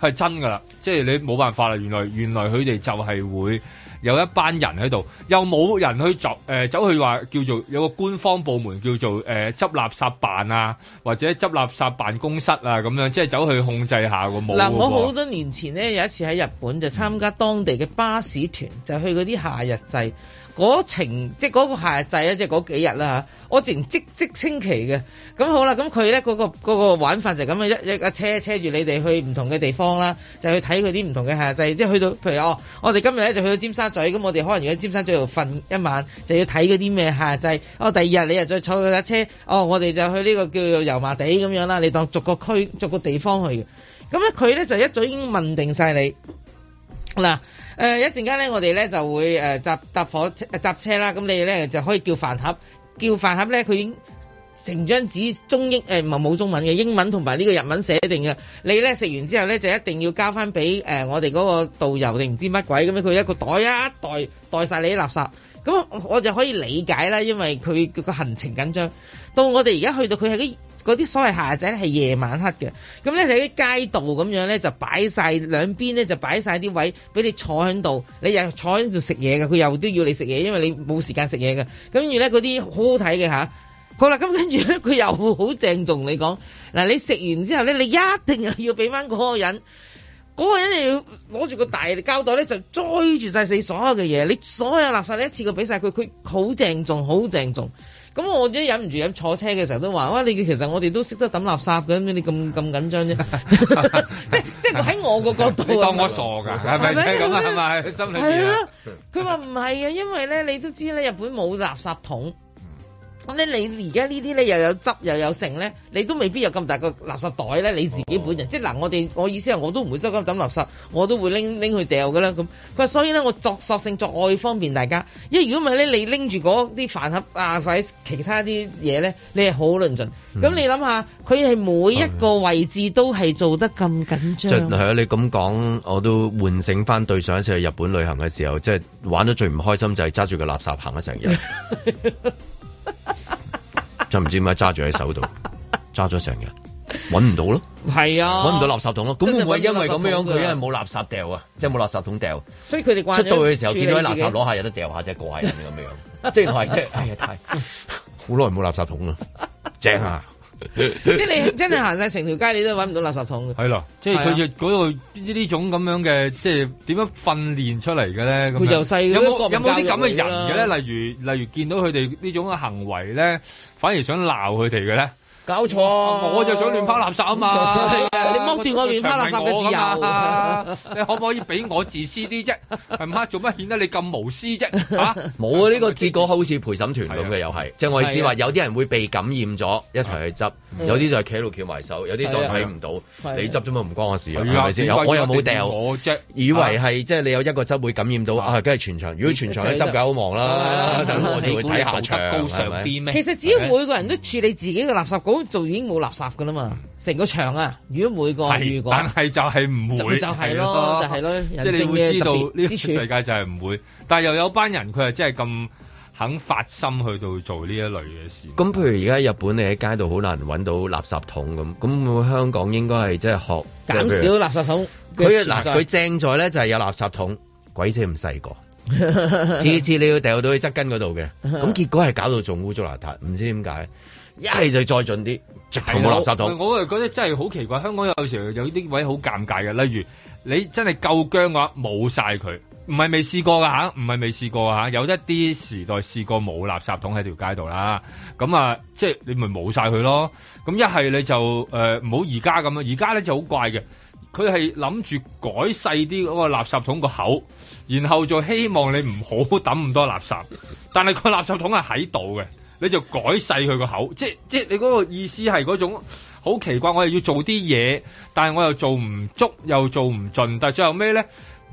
係真噶啦，即係你冇辦法啦。原來原來佢哋就係會有一班人喺度，又冇人去作、呃、走去話叫做有個官方部門叫做誒、呃、執垃圾辦啊，或者執垃圾辦公室啊咁樣，即係走去控制一下個冇嗱。我好多年前咧有一次喺日本就參加當地嘅巴士團，就去嗰啲夏日祭。嗰程即嗰個夏日祭即係嗰幾日啦嚇，我我成即即清奇嘅。咁好啦，咁佢咧嗰個嗰、嗰個、玩法就係咁樣一一架車車住你哋去唔同嘅地方啦，就去睇佢啲唔同嘅夏日祭即係去到譬如哦，我哋今日咧就去到尖沙咀，咁我哋可能喺尖沙咀度瞓一晚，就要睇嗰啲咩夏日祭哦，第二日你又再坐佢架車，哦，我哋就去呢個叫做油麻地咁樣啦，你當逐個區逐個地方去嘅。咁咧佢咧就一早已經問定晒你嗱。誒一陣間咧，我哋咧就會誒搭搭火車搭車啦，咁你咧就可以叫飯盒，叫飯盒咧佢已經成張紙中英誒，唔係冇中文嘅英文同埋呢個日文寫定嘅。你咧食完之後咧，就一定要交翻俾誒我哋嗰個導遊定唔知乜鬼咁樣，佢一個袋一袋袋曬你啲垃圾。咁我就可以理解啦，因為佢個行程緊張。到我哋而家去到佢係嗰啲所謂下仔咧，係夜晚黑嘅。咁咧喺啲街道咁樣咧，就擺曬兩邊咧，就擺曬啲位俾你坐喺度。你又坐喺度食嘢嘅，佢又都要你食嘢，因為你冇時間食嘢嘅。咁住咧嗰啲好好睇嘅吓。好啦，咁跟住咧，佢又好鄭重你講嗱，你食完之後咧，你一定又要俾翻嗰個人，嗰、嗰個人你要攞住個大膠袋咧，就載住晒你所有嘅嘢，你所有垃圾你一次過俾晒佢，佢好鄭重，好鄭重。咁我都忍唔住，咁坐車嘅時候都話，哇！你其實我哋都識得抌垃圾嘅，咩？你咁咁緊張啫？ [laughs] [laughs] 即即喺我個角度， [laughs] 當我傻噶，係咪？係咪？心理戰啊！佢話唔係啊，因為咧，你都知咧，日本冇垃圾桶。咁咧，你而家呢啲咧又有汁又有剩咧，你都未必有咁大個垃圾袋咧。你自己本人，哦、即嗱，我哋我意思係，我都唔會周街抌垃圾，我都會拎拎去掉噶啦。咁佢話，所以咧我作索性作愛方便大家，因為如果唔係咧，你拎住嗰啲飯盒啊，或者其他啲嘢咧，你係好論盡。咁、嗯、你諗下，佢係每一個位置都係做得咁緊張。係、嗯、啊、嗯就是，你咁講，我都喚醒返。對上一次去日本旅行嘅時候，即、就、係、是、玩得最唔開心就係揸住個垃圾行一成日。 [laughs] [laughs] 就唔知點解揸住喺手度，揸咗成日，揾唔到咯，係啊，揾唔到垃圾桶咯。咁會唔會係因為咁樣，佢因為冇垃圾掉啊，即係冇垃圾桶掉。所以佢哋出到去嘅時候，見到啲垃圾攞下、下，有得掉下，即係過下咁樣。即係係，係、哎、呀，太好耐冇垃圾桶啦，正啊！ [laughs] [laughs] 即係你真係行晒成條街，你都揾唔到垃圾桶。係咯，即係佢就嗰度呢種咁樣嘅，即係點樣訓練出嚟嘅咧？佢就細，有冇有冇啲咁嘅人嘅咧？例如例如見到佢哋呢種嘅行為咧，反而想鬧佢哋嘅咧？搞錯，我就想亂拋垃圾啊嘛！啊那個、你剝斷我嘅亂拋垃圾嘅自由，啊、你可唔可以俾我自私啲啫？係咪？做乜顯得你咁無私啫？冇啊！呢、啊呢個結果好似陪審團咁嘅又係，即我意思話有啲人會被感染咗一齊去執、啊，有啲就企喺度翹埋手，有啲就睇唔到、啊、你執啫嘛，唔關我事，啊啊啊啊、我又冇掉，以為係即係你有一個執會感染到啊，梗係全場。如果全場都執嘅，好忙啦，咁、啊、我哋會睇下後高上咪、啊啊？其實只要每個人都處理自己嘅垃圾，做已經冇垃圾噶啦嘛，成、嗯、個場啊，如果每個遇過但係就係唔會就係、就是、咯，啊、就係、是、咯，即係你會知道呢啲全世界就係唔會，但係又有班人佢係真係咁肯發心去到做呢一類嘅事。咁、嗯、譬如而家日本你喺街度好難搵到垃圾桶咁，咁、嗯、我、嗯、香港應該係即係學減少垃圾桶。佢嗱佢正在咧就係、是、有垃圾桶，鬼死咁細個，次 [laughs] 次你要掉到去側根嗰度嘅，咁 [laughs] 結果係搞到仲污糟邋遢，唔知點解。一係就再盡啲，直頭冇垃圾桶。我覺得真係好奇怪，香港有時候有啲位好尷尬嘅。例如你真係夠僵嘅話，冇晒佢。唔係未試過㗎吓，唔係未試過吓。有一啲時代試過冇垃圾桶喺條街度啦。咁啊，即係你咪冇晒佢咯。咁一係你就誒唔好而家咁樣。而家咧就好怪嘅，佢係諗住改細啲嗰個垃圾桶個口，然後就希望你唔好抌咁多垃圾。但係個垃圾桶係喺度嘅。你就改細佢個口，即係即係你嗰個意思係嗰種好奇怪，我又要做啲嘢，但係我又做唔足，又做唔盡，但係最後尾咧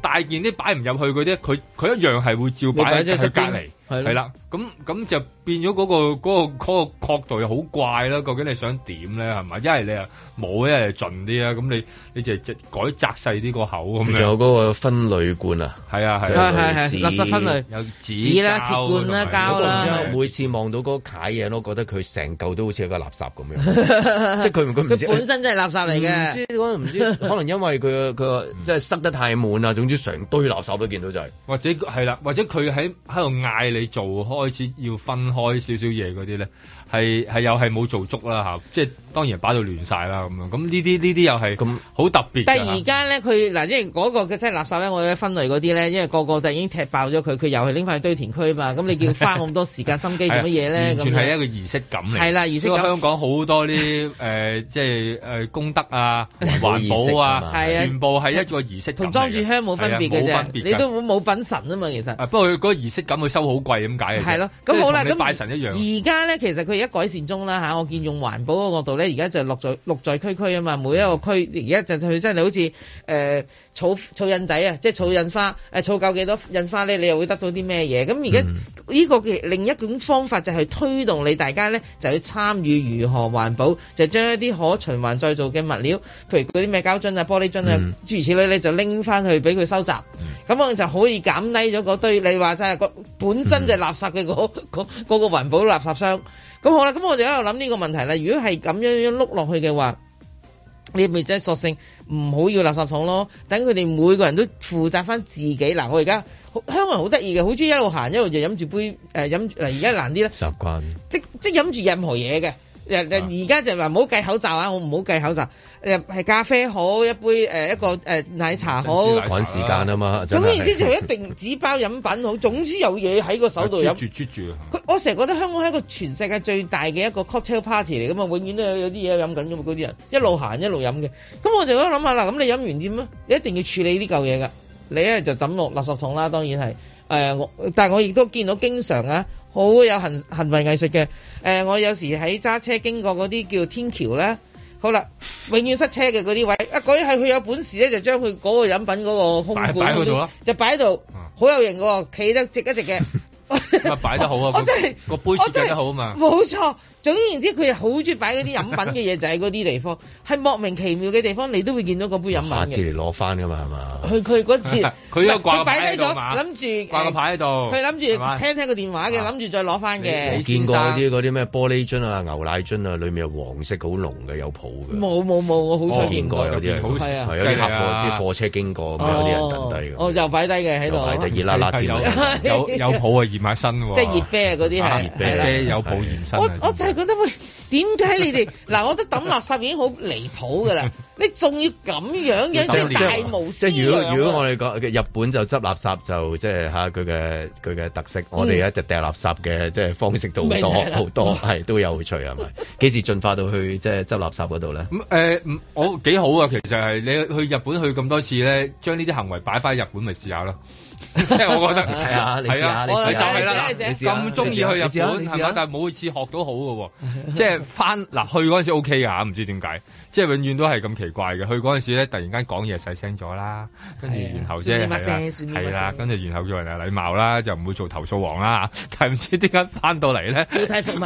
大件啲擺唔入去啲，佢佢一樣係會照擺喺即係隔籬。係啦，咁咁就變咗嗰、嗰個嗰、嗰個嗰、嗰個角度、嗰個、又好怪啦。究竟你想呢你點咧？係咪？你一係你啊冇，一係盡啲啊。咁你你就改窄細啲個口咁樣。仲有嗰個分類罐啊，係啊係。係係、啊就是啊啊啊、垃圾分類有紙啦、鐵罐、啊、膠啦、膠啦。每次望到嗰個解嘢，都覺得佢成嚿都好似一個垃圾咁樣。 [laughs] 即佢佢唔佢本身真係垃圾嚟嘅。唔 [laughs] 知可能唔知，可能因為佢佢即塞得太滿啊。總之成堆垃圾都見到就係、係。或者係啦，或者佢喺喺度嗌。你做開始要分開少少嘢嗰啲咧。係係又係冇做足啦嚇、啊，即係當然擺到亂晒啦咁樣。咁呢啲呢啲又係咁好特別。但係而家咧佢嗱，即係嗰、嗰個嘅即係垃圾咧，我哋分類嗰啲咧，因為個個就已經踢爆咗佢，佢又係拎翻去堆填區嘛。咁你叫花咁多時間 [laughs] 心機做乜嘢咧？完全係一個儀式感嚟。係、嗯、啦，儀式感香港好多啲誒、呃，即係誒、呃、公德啊、環保啊， [laughs] [laughs] [laughs] 全部係一個儀式感。同裝住香冇分別嘅啫，你都冇品神啊嘛，其實。啊、不過嗰個儀式感佢收好貴咁解啊？係咯，咁好啦，咁拜神一樣。而家咧其實佢。而家改善中啦吓，我見用環保嗰個角度咧，而家就落在落在區區啊嘛，每一個區而家就就真係好似誒儲儲印仔啊，即係儲印花誒儲夠幾多印花咧，你又會得到啲咩嘢？咁而家呢個嘅另一種方法就係推動你大家咧，就去參與如何環保，就將一啲可循環再造嘅物料，譬如嗰啲咩膠樽啊、玻璃樽啊，諸如此類咧，你就拎翻去俾佢收集，咁、嗯、我就可以減低咗嗰堆你話齋個本身就垃圾嘅、那個嗰嗰、嗯、 [laughs] 個環保垃圾箱。咁好啦，咁我哋一路諗呢個問題啦。如果係咁樣樣碌落去嘅話，你咪真係索性唔好要，要垃圾桶囉，等佢哋每個人都負責返自己。嗱，我而家香港人好得意嘅，好鍾意一路行一路就飲住杯誒、呃、飲。嗱、呃，而家難啲咧，習慣即即飲住任何嘢嘅。而家就話唔好計口罩啊！我唔好計口罩。誒係咖啡好一杯，誒、呃、一個誒、呃、奶茶好。趕時間啊嘛！總然之就一定紙包飲品好， [laughs] 總之有嘢喺個手度啜住啜住。 [laughs] 我成日覺得香港係一個全世界最大嘅一個 cocktail party 嚟㗎嘛，永遠都有啲嘢飲緊㗎嘛，嗰啲人一路行一路飲嘅。咁、嗯嗯、我就喺度諗下啦，咁、啊、你飲完點啊？你一定要處理呢嚿嘢㗎。你咧就抌落垃圾桶啦，當然係。誒、呃、我，但我亦都見到經常啊。好有行行為藝術嘅、呃，我有時喺揸車經過嗰啲叫天橋咧，好啦，永遠塞車嘅嗰啲位，嗰啲係佢有本事咧就將佢嗰個飲品嗰個空罐就擺喺度，好、啊、有型喎，企得直一直嘅。 [laughs] 咪 [laughs] 擺得好啊！個杯擺得好啊嘛，冇錯。總言之，佢好中意擺嗰啲飲品嘅嘢，就喺嗰啲地方，係 [laughs] 莫名其妙嘅地方，你都會見到嗰杯飲品嘅。下次嚟攞翻噶嘛，係嘛？佢佢嗰次，佢 [laughs] 又掛個牌喺度嘛，諗住掛個牌喺度。佢諗住聽聽個電話嘅，諗住再攞翻嘅。你見過啲嗰啲咩玻璃樽啊、牛奶樽啊，裡面有黃色好濃嘅，有泡嘅。冇冇冇，我好彩、哦、見過有啲係啊，係啲客貨啲、啊、貨車經過咁樣有啲人揼低嘅、哦。哦，又擺低嘅喺度，熱辣辣添，有有泡啊！熱埋身喎，即係熱啤嗰啲係，啤有保延伸、啊。我我就係覺得喂，點解你哋嗱、 [laughs] 啊？我覺得抌垃圾已經好離譜噶啦， [laughs] 你仲要咁樣 [laughs] 要樣啲 [laughs] 大模式、就是。如果如果我哋講日本就執垃圾就即係吓佢嘅佢嘅特色，嗯、我哋一直掟垃圾嘅即係方式都好多好多係都有趣係咪？幾 [laughs] 時進化到去即係執垃圾嗰度咧？咁、嗯、誒，我幾好啊！其實係你去日本去咁多次咧，將呢啲行爲擺翻日本咪試下咯。即 [laughs] 係我覺得，係啊，係啊，你啦，咁中意去日本，係嘛？但係每次學到好嘅喎，即係翻嗱去嗰陣時 O K 㗎，唔知點解，即、就、係、是、永遠都係咁奇怪嘅。去嗰陣時咧，突然間講嘢細聲咗、就是啊、啦，跟住然後即係，係啦，跟住然後叫人禮貌啦，就唔會做投訴王啦。但係唔知點解翻到嚟咧，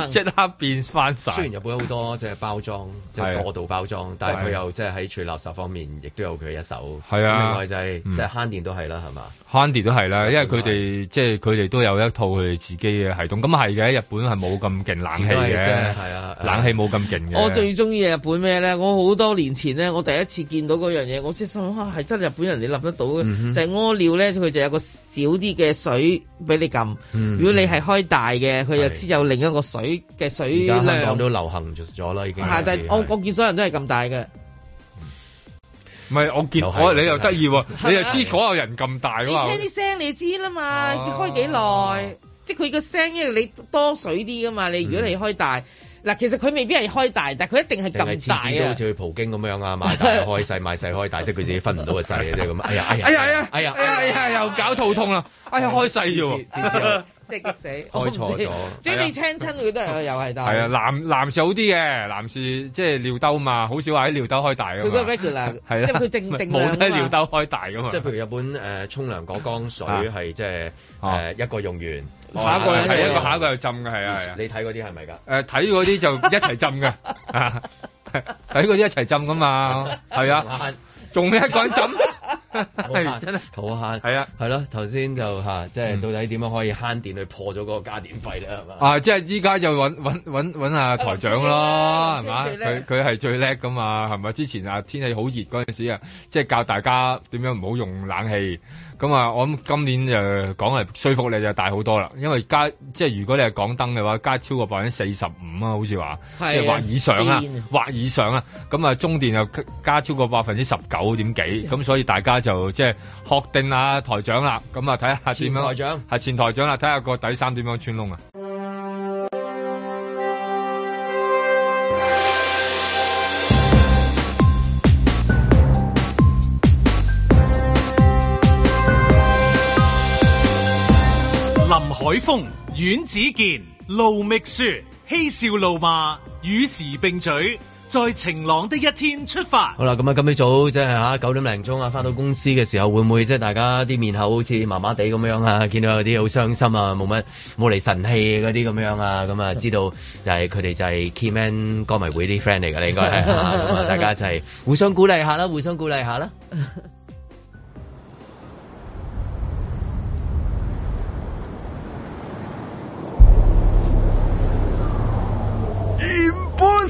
即 [laughs] 刻變翻晒。雖然日本好多即係、就是、包裝，即係過度包裝，但係佢又即係喺處理垃圾方面，亦都有佢一手。係啊，另外就係即係慳電都係啦，係嘛？慳電都係啦，因為佢哋即係佢哋都有一套佢哋自己嘅系統。咁係嘅，日本係冇咁勁冷氣嘅，係啊，冷氣冇咁勁嘅。我最中意日本咩咧？我好多年前咧，我第一次見到嗰樣嘢，我先心諗啊，係得日本人你諗得到嘅，嗯，就屙、是、尿咧，佢就有個少啲嘅水俾你撳、嗯。如果你係開大嘅，佢又知有另一個水嘅，嗯、水量。而家香港都流行咗啦，已經。但係我我見所有人都係咁大嘅。唔係，我見我你又得意喎，你又知所有人咁大喎、啊。你聽啲聲你就知啦嘛，啊、要開幾耐、啊，即係佢個聲因為你多水啲噶嘛，你如果你開大，嗱、嗯、其實佢未必係開大，但係佢一定係咁大啊。次次好似去葡京咁樣啊嘛，買大就開細，買細開大， [laughs] 即係佢自己分唔到嘅掣嘅啫。係咁啊！哎呀哎呀 [laughs] 哎呀哎呀哎呀，又搞肚痛啦！哎呀，開細啫喎。次次次次 [laughs] 即係激死，開錯咗，即係你親親佢都係又係，大係啊，男男士好啲嘅，男士即係尿兜嘛，好少話喺尿兜開大㗎。嘛。佢個咩橋樑係啊，即係佢定定冇喺尿兜開大噶嘛，即係譬如日本誒沖涼嗰缸水係即係誒一個用完、啊、下一個係一個下一個又浸嘅，係啊係啊。你睇嗰啲係咪噶？誒睇嗰啲就一齊浸噶，睇嗰啲一齊浸噶嘛，係 [laughs] 是啊。 [laughs] 仲未一趕枕，係 [laughs] [laughs] 真係好慳，係啊，係咯、啊，頭先、啊、就嚇，即、啊、係、就是、到底點樣可以慳電去破咗嗰個加電費咧？係、嗯、嘛、啊、即係依家就搵搵搵揾下台長咯，係、啊、嘛？佢佢係最叻㗎嘛，係咪？之前啊，天氣好熱嗰陣時啊，即係教大家點樣唔好用冷氣。咁啊，我諗今年就講係説服力就大好多啦，因為加即係如果你係港燈嘅話，加超過百分之四十五啊，好似話，即係或以上啊，或以上啊，咁啊，啊，中電又加超過百分之十九點幾，咁 [laughs] 所以大家就即係確定啊台長啦，咁啊睇下點樣，係前台長啦，睇下個底衫點樣穿窿啊！海風、阮子健、盧覓雪、嬉笑怒罵，與時並舉，在晴朗的一天出發。好啦，咁啊，今朝早即係吓九點零鐘啊，翻到公司嘅時候，會唔會即係大家啲面口好似麻麻地咁樣啊？見到有啲好傷心啊，冇乜冇嚟神氣嗰啲咁樣啊？咁啊，知道他們就係佢哋就係 Key Man 歌迷會啲 friend 嚟㗎，你應該係 [laughs] 大家一齊互相鼓勵下啦，互相鼓勵下啦。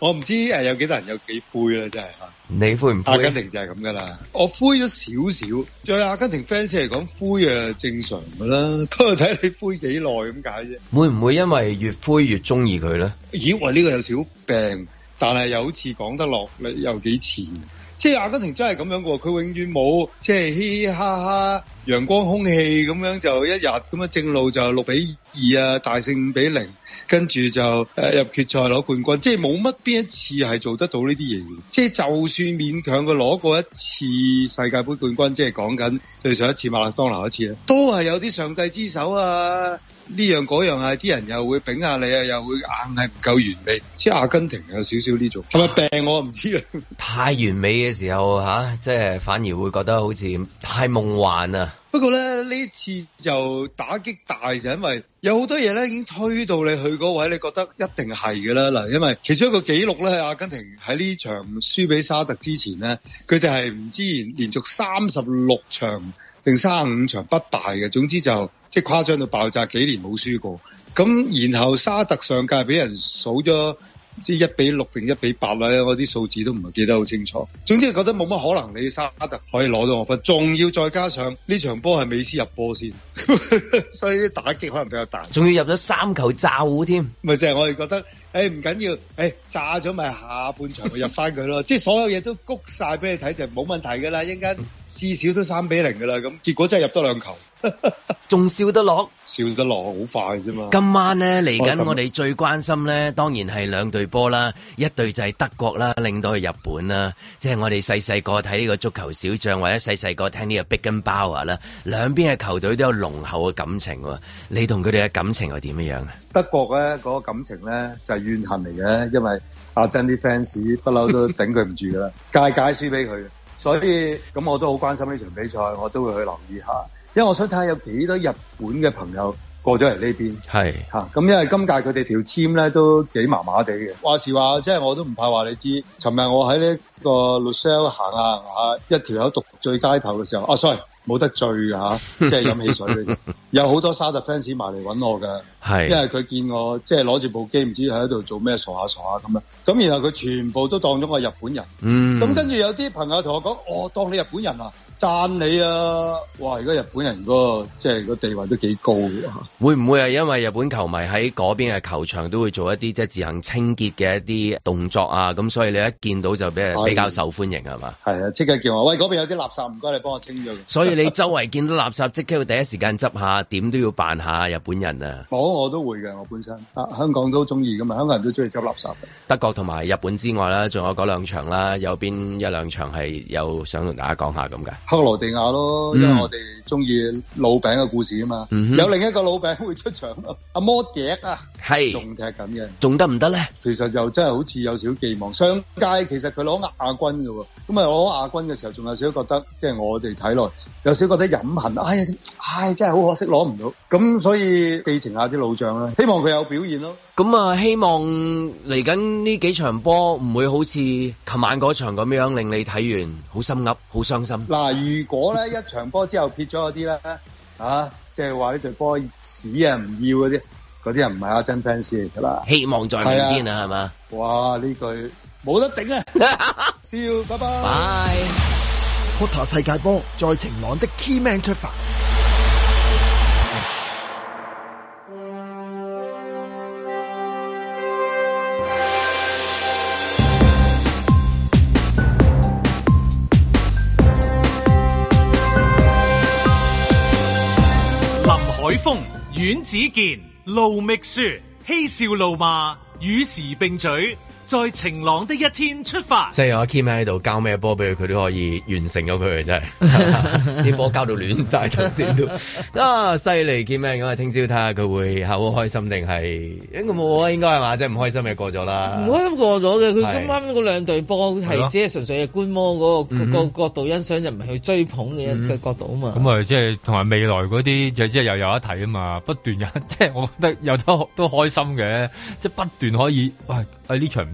我唔知誒、呃、有幾多人有幾灰啦、啊，真係吓。你灰唔灰？阿根廷就係咁噶啦。我灰咗少少，對阿根廷 fans 嚟講，灰啊正常噶啦。不過睇你灰幾耐咁解啫。會唔會因為越灰越中意佢咧？咦？哇！呢、呢個有少病，但係又好似講得落，你又幾似？即係阿根廷真係咁樣喎。佢永遠冇即係嘻嘻哈哈、陽光空氣咁樣就一日咁啊！正路就六比二啊，大勝五比零。跟住就誒入決賽攞冠軍，即係冇乜邊一次係做得到呢啲嘢。即係就算勉強佢攞過一次世界盃冠軍，即係講緊對上一次馬拉當拿一次咧，都係有啲上帝之手啊！呢樣嗰樣啊，啲人又會評下你啊，又會硬係唔夠完美。即係阿根廷有少少呢種，係咪病我唔知啊。太完美嘅時候嚇，啊，即係反而會覺得好似太夢幻啊。不過咧，呢次就打擊大，就因為有好多嘢咧，已經推到你去嗰位，你覺得一定係㗎啦。嗱，因為其中一個紀錄咧，阿根廷喺呢場輸俾沙特之前咧，佢哋係唔知連連續三十六場定三十五場不敗嘅，總之就即係誇張到爆炸，幾年冇輸過。咁然後沙特上屆俾人數咗。即係一比六定一比八啦，我啲數字都唔係記得好清楚。總之係覺得冇乜可能，你沙特可以攞到我分，仲要再加上呢場波係美斯入波先， [laughs] 所以啲打擊可能比較大。仲要入咗三球炸糊添，咪即係我哋覺得，誒唔緊要，誒、欸、炸咗咪下半場咪入翻佢咯。 [laughs] 即係所有嘢都谷晒俾你睇就冇問題㗎啦。一陣間至少都三比零㗎啦，咁結果真係入多兩球。仲笑得落，笑得落，好快啫嘛！今晚咧嚟緊，我哋最關心咧，當然係兩隊波啦。一隊就係德國啦，令到去日本啦。即係我哋細細個睇呢個足球小將，或者細細個聽呢個逼根包華啦。兩邊嘅球隊都有濃厚嘅感情。你同佢哋嘅感情係點樣？德國咧嗰個感情咧就係怨恨嚟嘅，因為阿珍啲 fans 不嬲都頂佢唔住㗎啦， [laughs] 屆屆輸俾佢。所以咁，我都好關心呢場比賽，我都會去留意下。因為我想睇下有幾多日本嘅朋友過咗嚟呢邊，係嚇。咁、啊、因為今屆佢哋條簽咧都幾麻麻地嘅。話時話，即係我都唔怕話你知。尋日我喺呢個 Lusail 行啊行，一條友獨醉街頭嘅時候，啊，sorry，冇得醉㗎，即係飲汽水。 [laughs] 有好多沙特 fans 埋嚟揾我㗎，係，因為佢見我即係攞住部機不道在裡，唔知喺度做咩傻下傻下咁樣。咁然後佢全部都當咗我日本人，嗯。咁跟住有啲朋友同我講，我、哦、當你日本人啊。讚你啊！哇，而家日本人個即係個地位都幾高嘅，會唔會係、啊、因為日本球迷喺嗰邊嘅球場都會做一啲即係自行清潔嘅一啲動作啊？咁所以你一見到就比較受歡迎係嘛？係啊，即刻叫我喂，嗰邊有啲垃圾，唔該你幫我清咗。所以你周圍見到垃圾即 [laughs] 刻要第一時間執下，點都要扮下日本人啊！我我都會嘅，我本身啊香港都中意噶嘛，香港人都中意執垃圾。德國同埋日本之外啦，仲有嗰兩場啦，有邊一兩場係有想同大家講下咁嘅？克羅地亞咯，因為我哋中意老餅嘅故事啊嘛、嗯，有另一個老餅會出場咯，阿摩笛啊，係仲、啊、踢緊嘅，仲得唔得咧？其實又真係好似有少寄望，上屆其實佢攞亞軍喎。咁啊攞亞軍嘅時候仲有少覺得，即、就、係、是、我哋睇落，有少覺得隱恨，哎哎真係好可惜攞唔到，咁所以寄情下啲老將啦，希望佢有表現咯。咁 [laughs] 啊，就是，啊，希望嚟緊呢幾場波唔會好似琴晚嗰場咁樣，令你睇完好心噏，好傷心。嗱，如果咧一場波之後撇咗嗰啲咧，啊，即係話呢隊波屎啊，唔要嗰啲，嗰啲人唔係阿真 fans 噶啦。希望再見啊，係嘛？哇，呢句冇得頂啊！笑 you, bye bye，拜拜。拜。Cota 世界波，在晴朗的 Keyman 出發。阮子健，盧覓雪，嬉笑怒罵，與時並舉。在晴朗的一天出發。即係有阿 Kim 喺度交咩波俾佢，佢都可以完成咗佢，真係啲波交到亂晒，頭先都啊，犀利 Kim 咁啊，聽朝睇下佢會好開心定係應該冇啊？應該係嘛？即係唔開心嘅過咗啦，唔開心過咗嘅。佢今晚嗰兩隊波係只係純粹嘅觀摩嗰、嗰個嗰個角度欣賞，就唔係去追捧嘅一個角度啊嘛。咁、嗯、啊，即係同埋未來嗰啲就即、是、係又有一睇啊嘛！不斷有，即、就、係、是、我覺得有得都開心嘅，即、就、係、是、不斷可以喂喺呢場。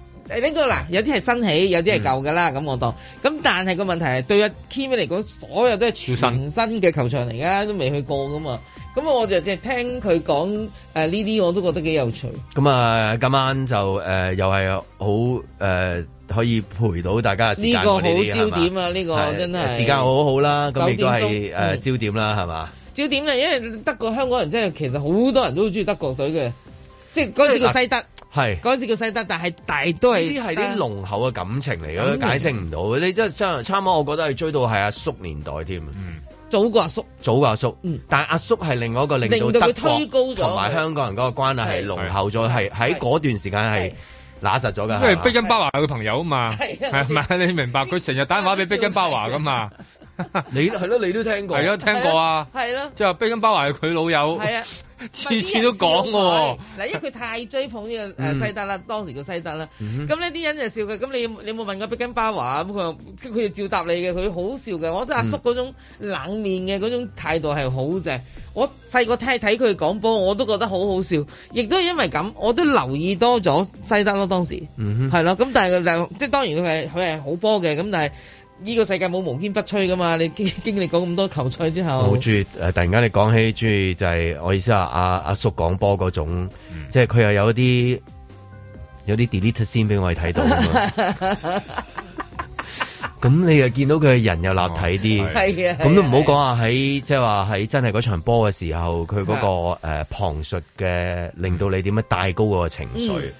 誒呢個嗱，有啲係新起，有啲係舊噶啦，咁、嗯、我當。咁但係個問題係對阿 Kimi 嚟講，所有都係全新嘅球場嚟噶，都未去過噶嘛。咁我就即係聽佢講誒呢啲，我都覺得幾有趣。咁、嗯、啊，今晚就誒、呃、又係好誒可以陪到大家好、呢個、焦點啊，呢、呢個真係時間好好啦，咁亦都係焦點啦，係嘛？焦點啊，因為德國香港人真係其實好多人都中意德國隊嘅。即嗰陣時叫西德，係嗰陣時叫西德，係但係大都係啲係啲濃厚嘅感情嚟，解釋唔到。你真係差唔多，我覺得係追到係阿叔,叔年代添。嗯，早過阿叔，早過阿叔。但係阿叔係另外一個令到德國同埋香港人嗰個關係係濃厚咗，係喺嗰段時間係乸實咗㗎。因為畢根巴華係佢朋友啊嘛，係咪你明白？佢成日打電話俾畢根巴華㗎嘛？ [laughs] 你係咯，你都聽過係、啊、咯，聽過啊？係咯，即係畢根巴華係佢老友。係啊。次次都講喎！嗱、哎，因為佢太追捧呢個西德啦、嗯，當時叫西德啦。咁呢啲人就笑佢。咁你你有冇問過碧根鮑華？咁佢佢就照答你嘅。佢好笑嘅。我覺得阿叔嗰種冷面嘅嗰種態度係好正。我細個聽睇佢講波，我都覺得好好笑。亦都因為咁，我都留意多咗西德咯、嗯。當時係咯咁，但係佢即當然佢係佢係好波嘅咁，但係。呢、這個世界冇無堅不摧噶嘛？你經經歷過咁多球賽之後，冇錯。誒、呃，突然間你講起，中意就係、是、我意思啊，阿阿叔講波嗰種，嗯、即係佢又有啲有啲 detail 先俾我哋睇到的。咁 [laughs] [laughs] [laughs] 你又見到佢嘅人又立體啲，係咁都唔好講啊！喺即係話喺真係嗰場波嘅時候，佢嗰、那個誒、呃、旁述嘅，令到你點樣帶高個情緒。嗯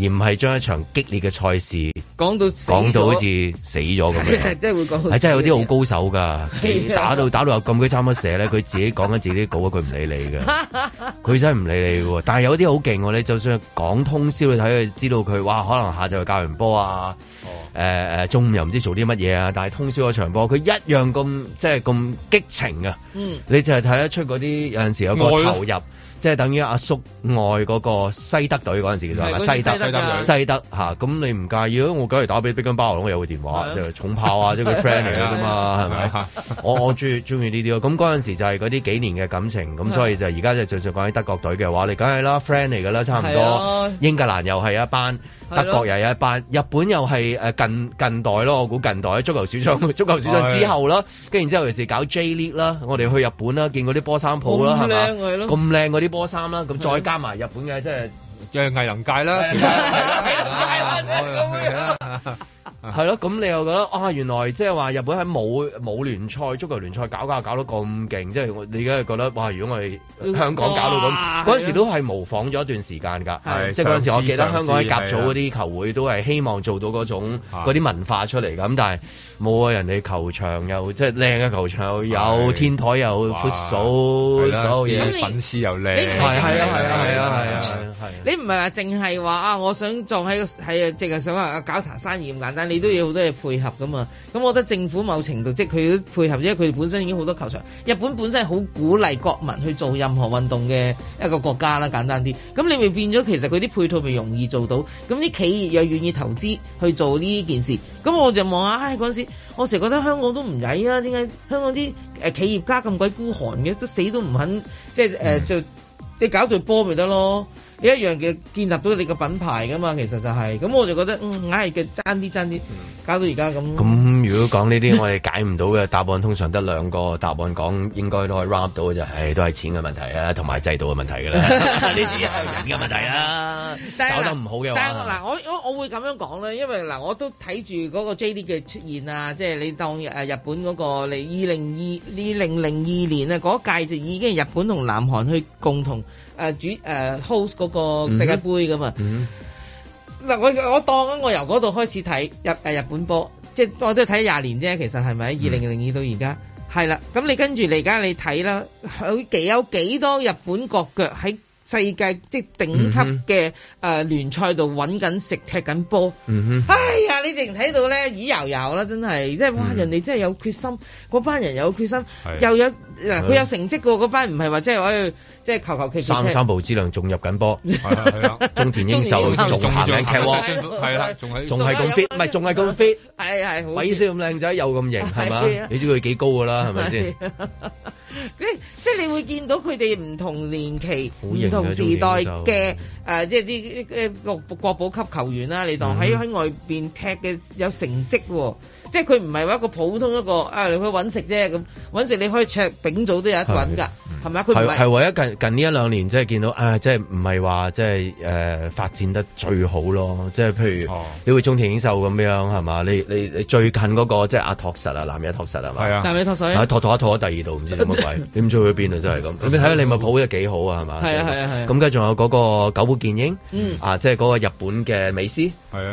而唔係將一場激烈嘅賽事講到講到好似死咗咁樣，係 [laughs] 真係會講。係真係有啲好高手㗎， [laughs] 打到打到有咁鬼差乜寫咧，佢 [laughs] 自己講緊自己啲稿，佢唔理你嘅。佢真係唔理你嘅，但係有啲好勁嘅咧，就算講通宵，你睇佢知道佢，哇，可能下晝去教完波啊！誒、呃、誒，中午又唔知做啲乜嘢啊！但係通宵嗰場波，佢一樣咁即係咁激情啊、嗯！你就係睇得出嗰啲有陣時有個投入，即係等於阿叔外嗰個西德隊嗰陣時，叫做西德西德吓。咁、啊、你唔介意？我舉嚟打俾碧根 g b a n 巴我有佢電話，啊、就係、重炮啊，即係佢 friend 嚟噶嘛，係 [laughs] 咪是吧？ [laughs] 我我中意中意呢啲咯。咁嗰陣時就係嗰啲幾年嘅感情，咁所以就而家就係純粹講喺德國隊嘅話，你梗係啦，friend 嚟噶啦，差唔多。英格蘭又係一班、啊，德國又係一班、啊，日本又係。誒近近代咯，我估近代足球小將，足球小將之後啦，跟然之後尤其是搞 J League 啦，我哋去日本啦，見過啲波衫鋪啦，係咪？咁靚嗰啲波衫啦，咁再加埋日本嘅即係藝能界啦，藝能界啊，係啊！係咯，咁你又覺得啊？原來即係話日本喺冇冇聯賽，足球聯賽搞搞搞到咁勁，即係我你而家係覺得哇！如果我哋香港搞到咁，嗰陣時都係模仿咗一段時間噶，即係嗰陣時我記得香港喺甲組嗰啲球會都係希望做到嗰種嗰啲文化出嚟噶，咁但係冇啊！人哋球場又即係靚嘅球場有，有天台有 full 數，所有嘢，粉絲又靚，係係啊係啊係啊係啊！你唔係話淨係話啊！我想做喺個係淨係想話搞茶生意咁簡單。你都要好多嘢配合噶嘛，咁我覺得政府某程度即係佢配合，因為佢本身已經好多球場。日本本身係好鼓勵國民去做任何運動嘅一個國家啦，簡單啲。咁你咪變咗，其實佢啲配套咪容易做到。咁啲企業又願意投資去做呢件事。咁我就望下，唉嗰陣時，我成日覺得香港都唔曳啊，點解香港啲企業家咁鬼孤寒嘅，都死都唔肯，即係、呃、就你搞隊波咪得咯？呢一樣嘅建立到你個品牌噶嘛，其實就係、是、咁，那我就覺得硬係嘅爭啲爭啲，搞到而家咁。咁、嗯、如果講呢啲，我哋解唔到嘅答案，通常得兩個答案講，應該都可以 wrap 到嘅就係、是，都係錢嘅問題啊，同埋制度嘅問題㗎啦。呢啲係人嘅問題、啊、 [laughs] 但啦，搞得唔好嘅。但係嗱，我我我會咁樣講咧，因為嗱，我都睇住嗰個 JD 嘅出現啊，即、就、係、是、你當誒日本嗰、那個嚟二零二二零零二年啊嗰屆就已經係日本同南韓去共同。誒、uh,，主、uh, 誒 host 嗰個世界杯㗎嘛嗱、mm -hmm. mm -hmm. 我我當緊我由嗰度開始睇日誒日本波，即係我都睇廿年啫。其實係咪二零零二到而家係啦？咁你跟住嚟，而家你睇啦，佢幾有幾多日本國腳喺？世界即係頂級嘅誒聯賽度揾緊食踢緊波，哎呀！你直情睇到咧，耳油油啦，真係即係哇！人哋真係有決心，嗰班人有決心，又有嗱佢有成績嘅喎，嗰班唔係話即係誒，即係求求其其。三三浦知良仲入緊波，係啊係啊，中田英壽仲行緊劇喎，係啦，仲係仲係咁 fit，唔係仲係咁 fit，係係鬼死咁靚仔又咁型係嘛？你知佢幾高㗎啦，係咪先？即即係你會見到佢哋唔同年期。同時代嘅誒、呃，即係啲啲國國寶級球員啦，你當喺喺外邊踢嘅有成績喎。嗯.即係佢唔係話一個普通一個啊、哎，你去搵食啫咁，搵食你可以卓丙組都有得搵㗎，係咪？佢係係為咗近近呢一兩年，即、就、係、是、見到啊、哎，即係唔係話即係誒、呃、發展得最好咯？即係譬如你會中田英壽咁樣係嘛？你你，你最近嗰、那個即係阿托實、托實啊，男嘅托實係嘛？係啊，男托實阿托托一托第二度，唔知做乜鬼，點知去邊啊？真係咁。你睇下利物浦幾好啊？係嘛？咁梗係仲有嗰個久保健英、嗯，啊，即係嗰個日本嘅美斯，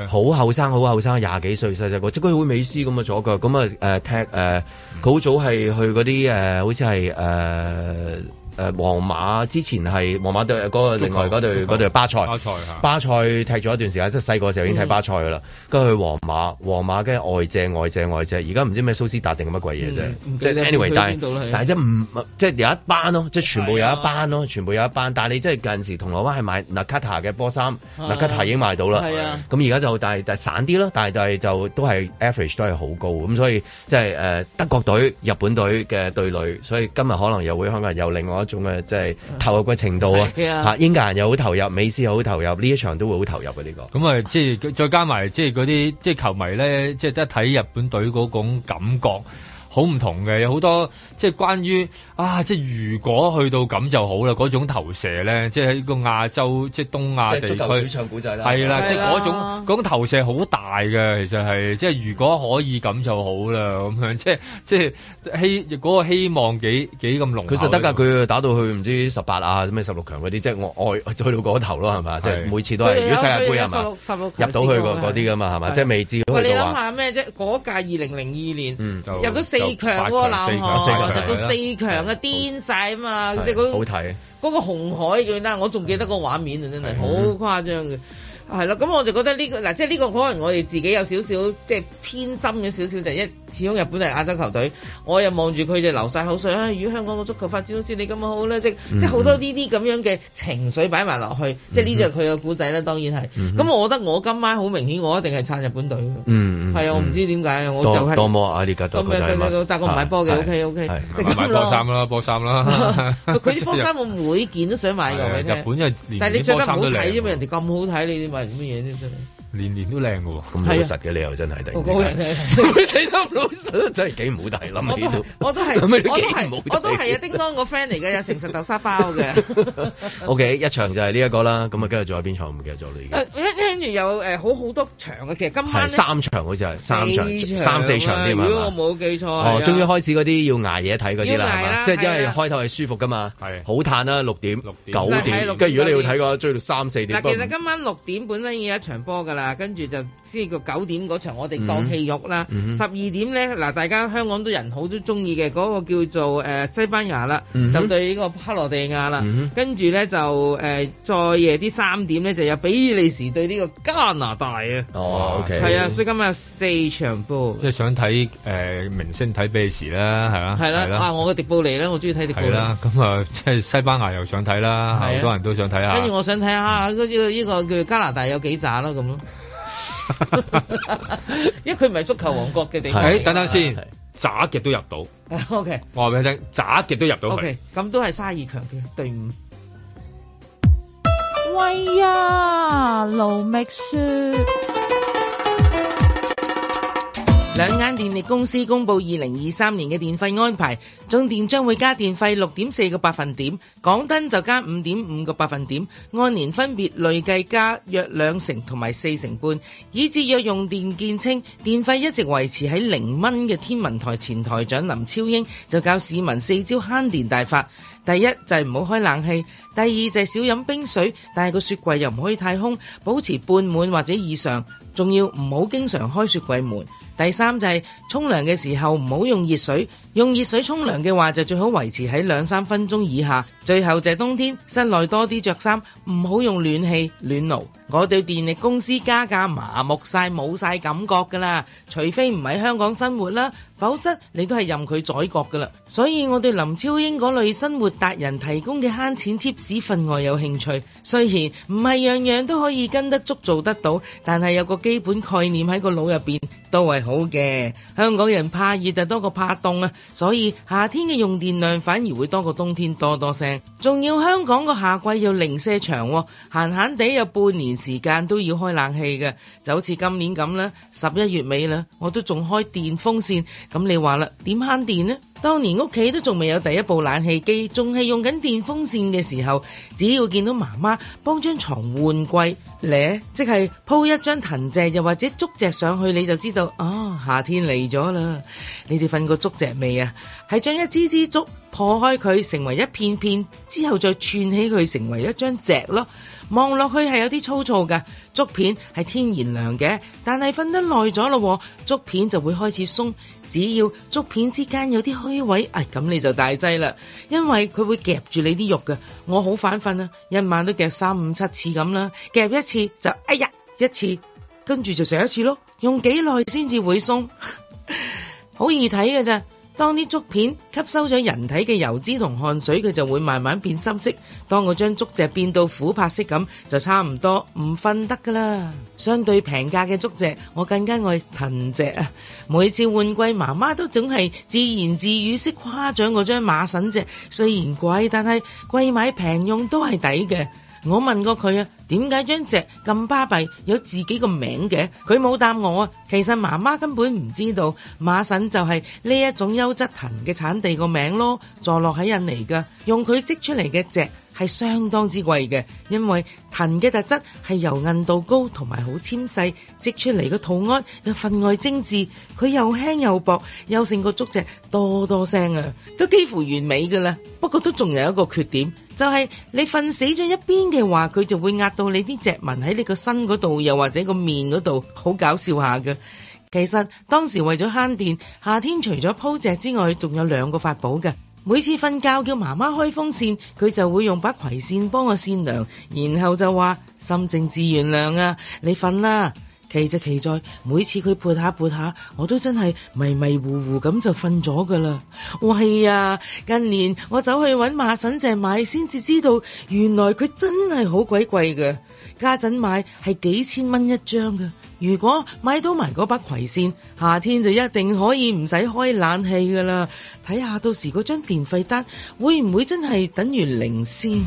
好後生好後生，廿幾歲細細、那個，即係會美斯。咁啊，左腳咁啊誒踢誒，佢、呃、好早係去嗰啲誒，好似係誒。呃誒、呃、皇馬之前係皇馬對嗰、那個另外嗰隊巴塞，巴塞巴塞踢咗一段時間、嗯，即係細個時候已經睇巴塞噶啦。跟、嗯、住去皇馬，皇馬嘅外借外借外借，而家唔知咩蘇斯達定乜鬼嘢啫。即 anyway，但係、啊、即唔即係有一班咯，即係全部有一班咯、啊，全部有一班。但係你即係近時銅鑼灣係買納卡塔嘅波衫，納卡塔已經買到啦。係啊，咁而家就但係但係散啲咯，但係就都係 average 都係好高咁，所以即係誒、呃、德國隊、日本隊嘅隊裏，所以今日可能又會可能有另外。種嘅即係投入嘅程度 [laughs] 啊，吓，英格蘭又好投入，美斯又好投入，呢一場都會好投入嘅、啊、呢個咁、嗯、啊，即係再加埋即係嗰啲即係球迷咧，即係都係睇日本隊嗰種感覺。好唔同嘅，有好多即係關於啊，即係如果去到咁就好啦，嗰種投射咧，即係喺個亞洲，即係東亞地區係、就是、啦，即係嗰種嗰種投射好大嘅，其實係即係如果可以咁就好啦，咁樣即係即係希嗰、嗰個希望幾幾咁濃。佢實得㗎，佢打到去唔知十八啊，咩十六強嗰啲，即係我愛去到嗰頭咯，係嘛？即係每次都係。如果世界盃係咪十六十六入到去嗰啲㗎嘛？係嘛？即係未至於話。喂、嗯，你諗下咩啫？嗰屆二零零二年入咗四。四強嗰個南韓，四強嗰四強啊，癲晒啊嘛。即係嗰個、那個、好睇嗰個紅海。我得我仲記得個畫面啊，的真係好誇張嘅。係咯，咁我就覺得呢、呢個嗱，即係呢個可能我哋自己有少少即係偏心嘅少少，就一始終日本係亞洲球隊，我又望住佢就流晒口水。如、哎、果香港個足球發展好似你咁好啦，即係、嗯、即係好多呢啲咁樣嘅情緒擺埋落去，嗯、即係呢就佢個古仔啦。當然係，咁、嗯嗯、我覺得我今晚好明顯，我一定係撐日本隊。嗯，係啊，我唔知點解，我就係多摸啊呢家多。咁啊，對對對，帶個買波嘅，OK OK，即係咁買波衫啦，波衫啦。佢啲波衫我每件都想買嚿俾、就係、 [laughs] 你。日本又但係你着得唔好睇因為嘛，人哋咁好睇，你乜嘢先真？年年都靚㗎喎，咁老實嘅、啊、你又真係第睇得唔老實真係幾唔好睇，諗唔到。我都我都係，我都係 [laughs] [laughs] 啊！叮當個 friend 嚟嘅，有誠實豆沙包嘅。 [laughs] [laughs] OK，一場就係呢一個啦。咁啊，跟住仲有邊場唔記得咗你嘅？有好好多場嘅，其實今晚三場好似係三場三四場添啊嘛！如果我冇記錯哦，終於開始嗰啲要捱夜睇嗰啲啦，即係、啊啊、因為開頭係舒服噶嘛，係好嘆啦，六點、九點，跟住如果你要睇過追到三四點。其實今晚六點本身已經一場波㗎啦，跟住就先至叫九點嗰場我哋當戲肉啦，十、嗯、二點咧嗱，大家，大家香港人都人好都中意嘅嗰個叫做西班牙啦、嗯，就對呢個克羅地亞啦，跟住咧就、呃、再夜啲三點咧就有比利時對呢、這個。加拿大啊，哦、oh,，OK，係啊，所以今日有四場波，即係想睇誒、呃、明星睇比利時啦，係啊。係啦、啊啊啊，啊我嘅迪布尼啦，我中意睇迪布啦，咁啊即係西班牙又想睇啦，好、啊、多人都想睇啊，跟住我想睇下呢、這個呢、這個叫加拿大有幾渣啦咁咯， [laughs] [laughs] 因為佢唔係足球王國嘅地方，啊啊、等等先，渣、啊、極、啊、都入到，OK，我話俾你聽，渣極都入到，OK，咁都係卅二強嘅隊伍。喂、哎、呀，盧覓雪。兩間電力公司公布二零二三年嘅電費安排，中電將會加電費六點四個百分點，港燈就加五點五個百分點，按年分別累計加約兩成同埋四成半，以節約用電見稱，電費一直維持喺零蚊嘅天文台前台長林超英就教市民四招慳電大法，第一就係唔好開冷氣。第二就係少飲冰水，但係個雪櫃又唔可以太空，保持半滿或者以上，仲要唔好經常開雪櫃門。第三就係沖涼嘅時候唔好用熱水，用熱水沖涼嘅話就最好維持喺兩三分鐘以下。最後就係冬天室內多啲着衫，唔好用暖氣暖爐。我對電力公司加價麻木晒，冇晒感覺噶啦，除非唔喺香港生活啦，否則你都係任佢宰割噶啦。所以我對林超英嗰類生活達人提供嘅慳錢貼只分外有興趣，雖然唔係樣樣都可以跟得足做得到，但係有個基本概念喺個腦入邊。都係好嘅，香港人怕熱就多過怕凍啊，所以夏天嘅用電量反而會多過冬天多多聲。仲要香港個夏季要零舍長，閒閒地有半年時間都要開冷氣嘅，就好似今年咁啦，十一月尾啦，我都仲開電風扇。咁你話啦，點慳電呢？當年屋企都仲未有第一部冷氣機，仲係用緊電風扇嘅時候，只要見到媽媽幫張床換季，咧即係鋪一張藤席又或者竹席上去，你就知道。哦，夏天嚟咗啦！你哋瞓過竹席未啊？係將一支支竹破開佢，成為一片片之後再串起佢，成為一張席咯。望落去係有啲粗糙噶，竹片係天然涼嘅，但係瞓得耐咗咯，竹片就會開始鬆。只要竹片之間有啲虛位，哎，咁你就大劑啦，因為佢會夾住你啲肉噶。我好反瞓啊，一晚都夾三五七次咁啦，夾一次就哎呀一次。跟住就食一次咯。用幾耐先至會鬆，好 [laughs] 易睇嘅啫。當啲竹片吸收咗人體嘅油脂同汗水，佢就會慢慢變深色。當我將竹席變到琥珀色咁，就差唔多唔瞓得噶啦。 [laughs] 相對平價嘅竹席，我更加愛藤席啊！每次換季，媽媽都總係自言自語式誇獎我張馬神席，雖然貴，但係貴買平用都係抵嘅。我問過佢啊，點解張席咁巴閉，有自己個名嘅？佢冇答我啊。其實媽媽根本唔知道，馬神就係呢一種優質藤嘅產地個名咯，坐落喺印尼㗎，用佢織出嚟嘅席，係相當之貴嘅，因為藤嘅特質係由硬度高同埋好纖細，織出嚟嘅圖案又分外精緻。佢又輕又薄，又勝過竹席多多聲啊！都幾乎完美噶啦。不過都仲有一個缺點，就係、是、你瞓死咗一邊嘅話，佢就會壓到你啲席紋喺你個身嗰度，又或者個面嗰度，好搞笑下噶。其實當時為咗慳電，夏天除咗鋪席之外，仲有兩個法寶嘅。每次瞓覺叫媽媽開風扇，佢就會用把葵扇幫我扇涼，然後就話心靜自然涼啊。你瞓啦！奇就奇在每次佢撥下撥下，我都真係迷迷糊糊咁就瞓咗噶啦。喂呀，近年我走去揾馬嬸姐買，先至知道原來佢真係好鬼貴噶，家陣買係幾千蚊一張噶。如果買到埋嗰把葵扇，夏天就一定可以唔使開冷氣噶啦。睇下到時嗰張電費單會唔會真係等於零先。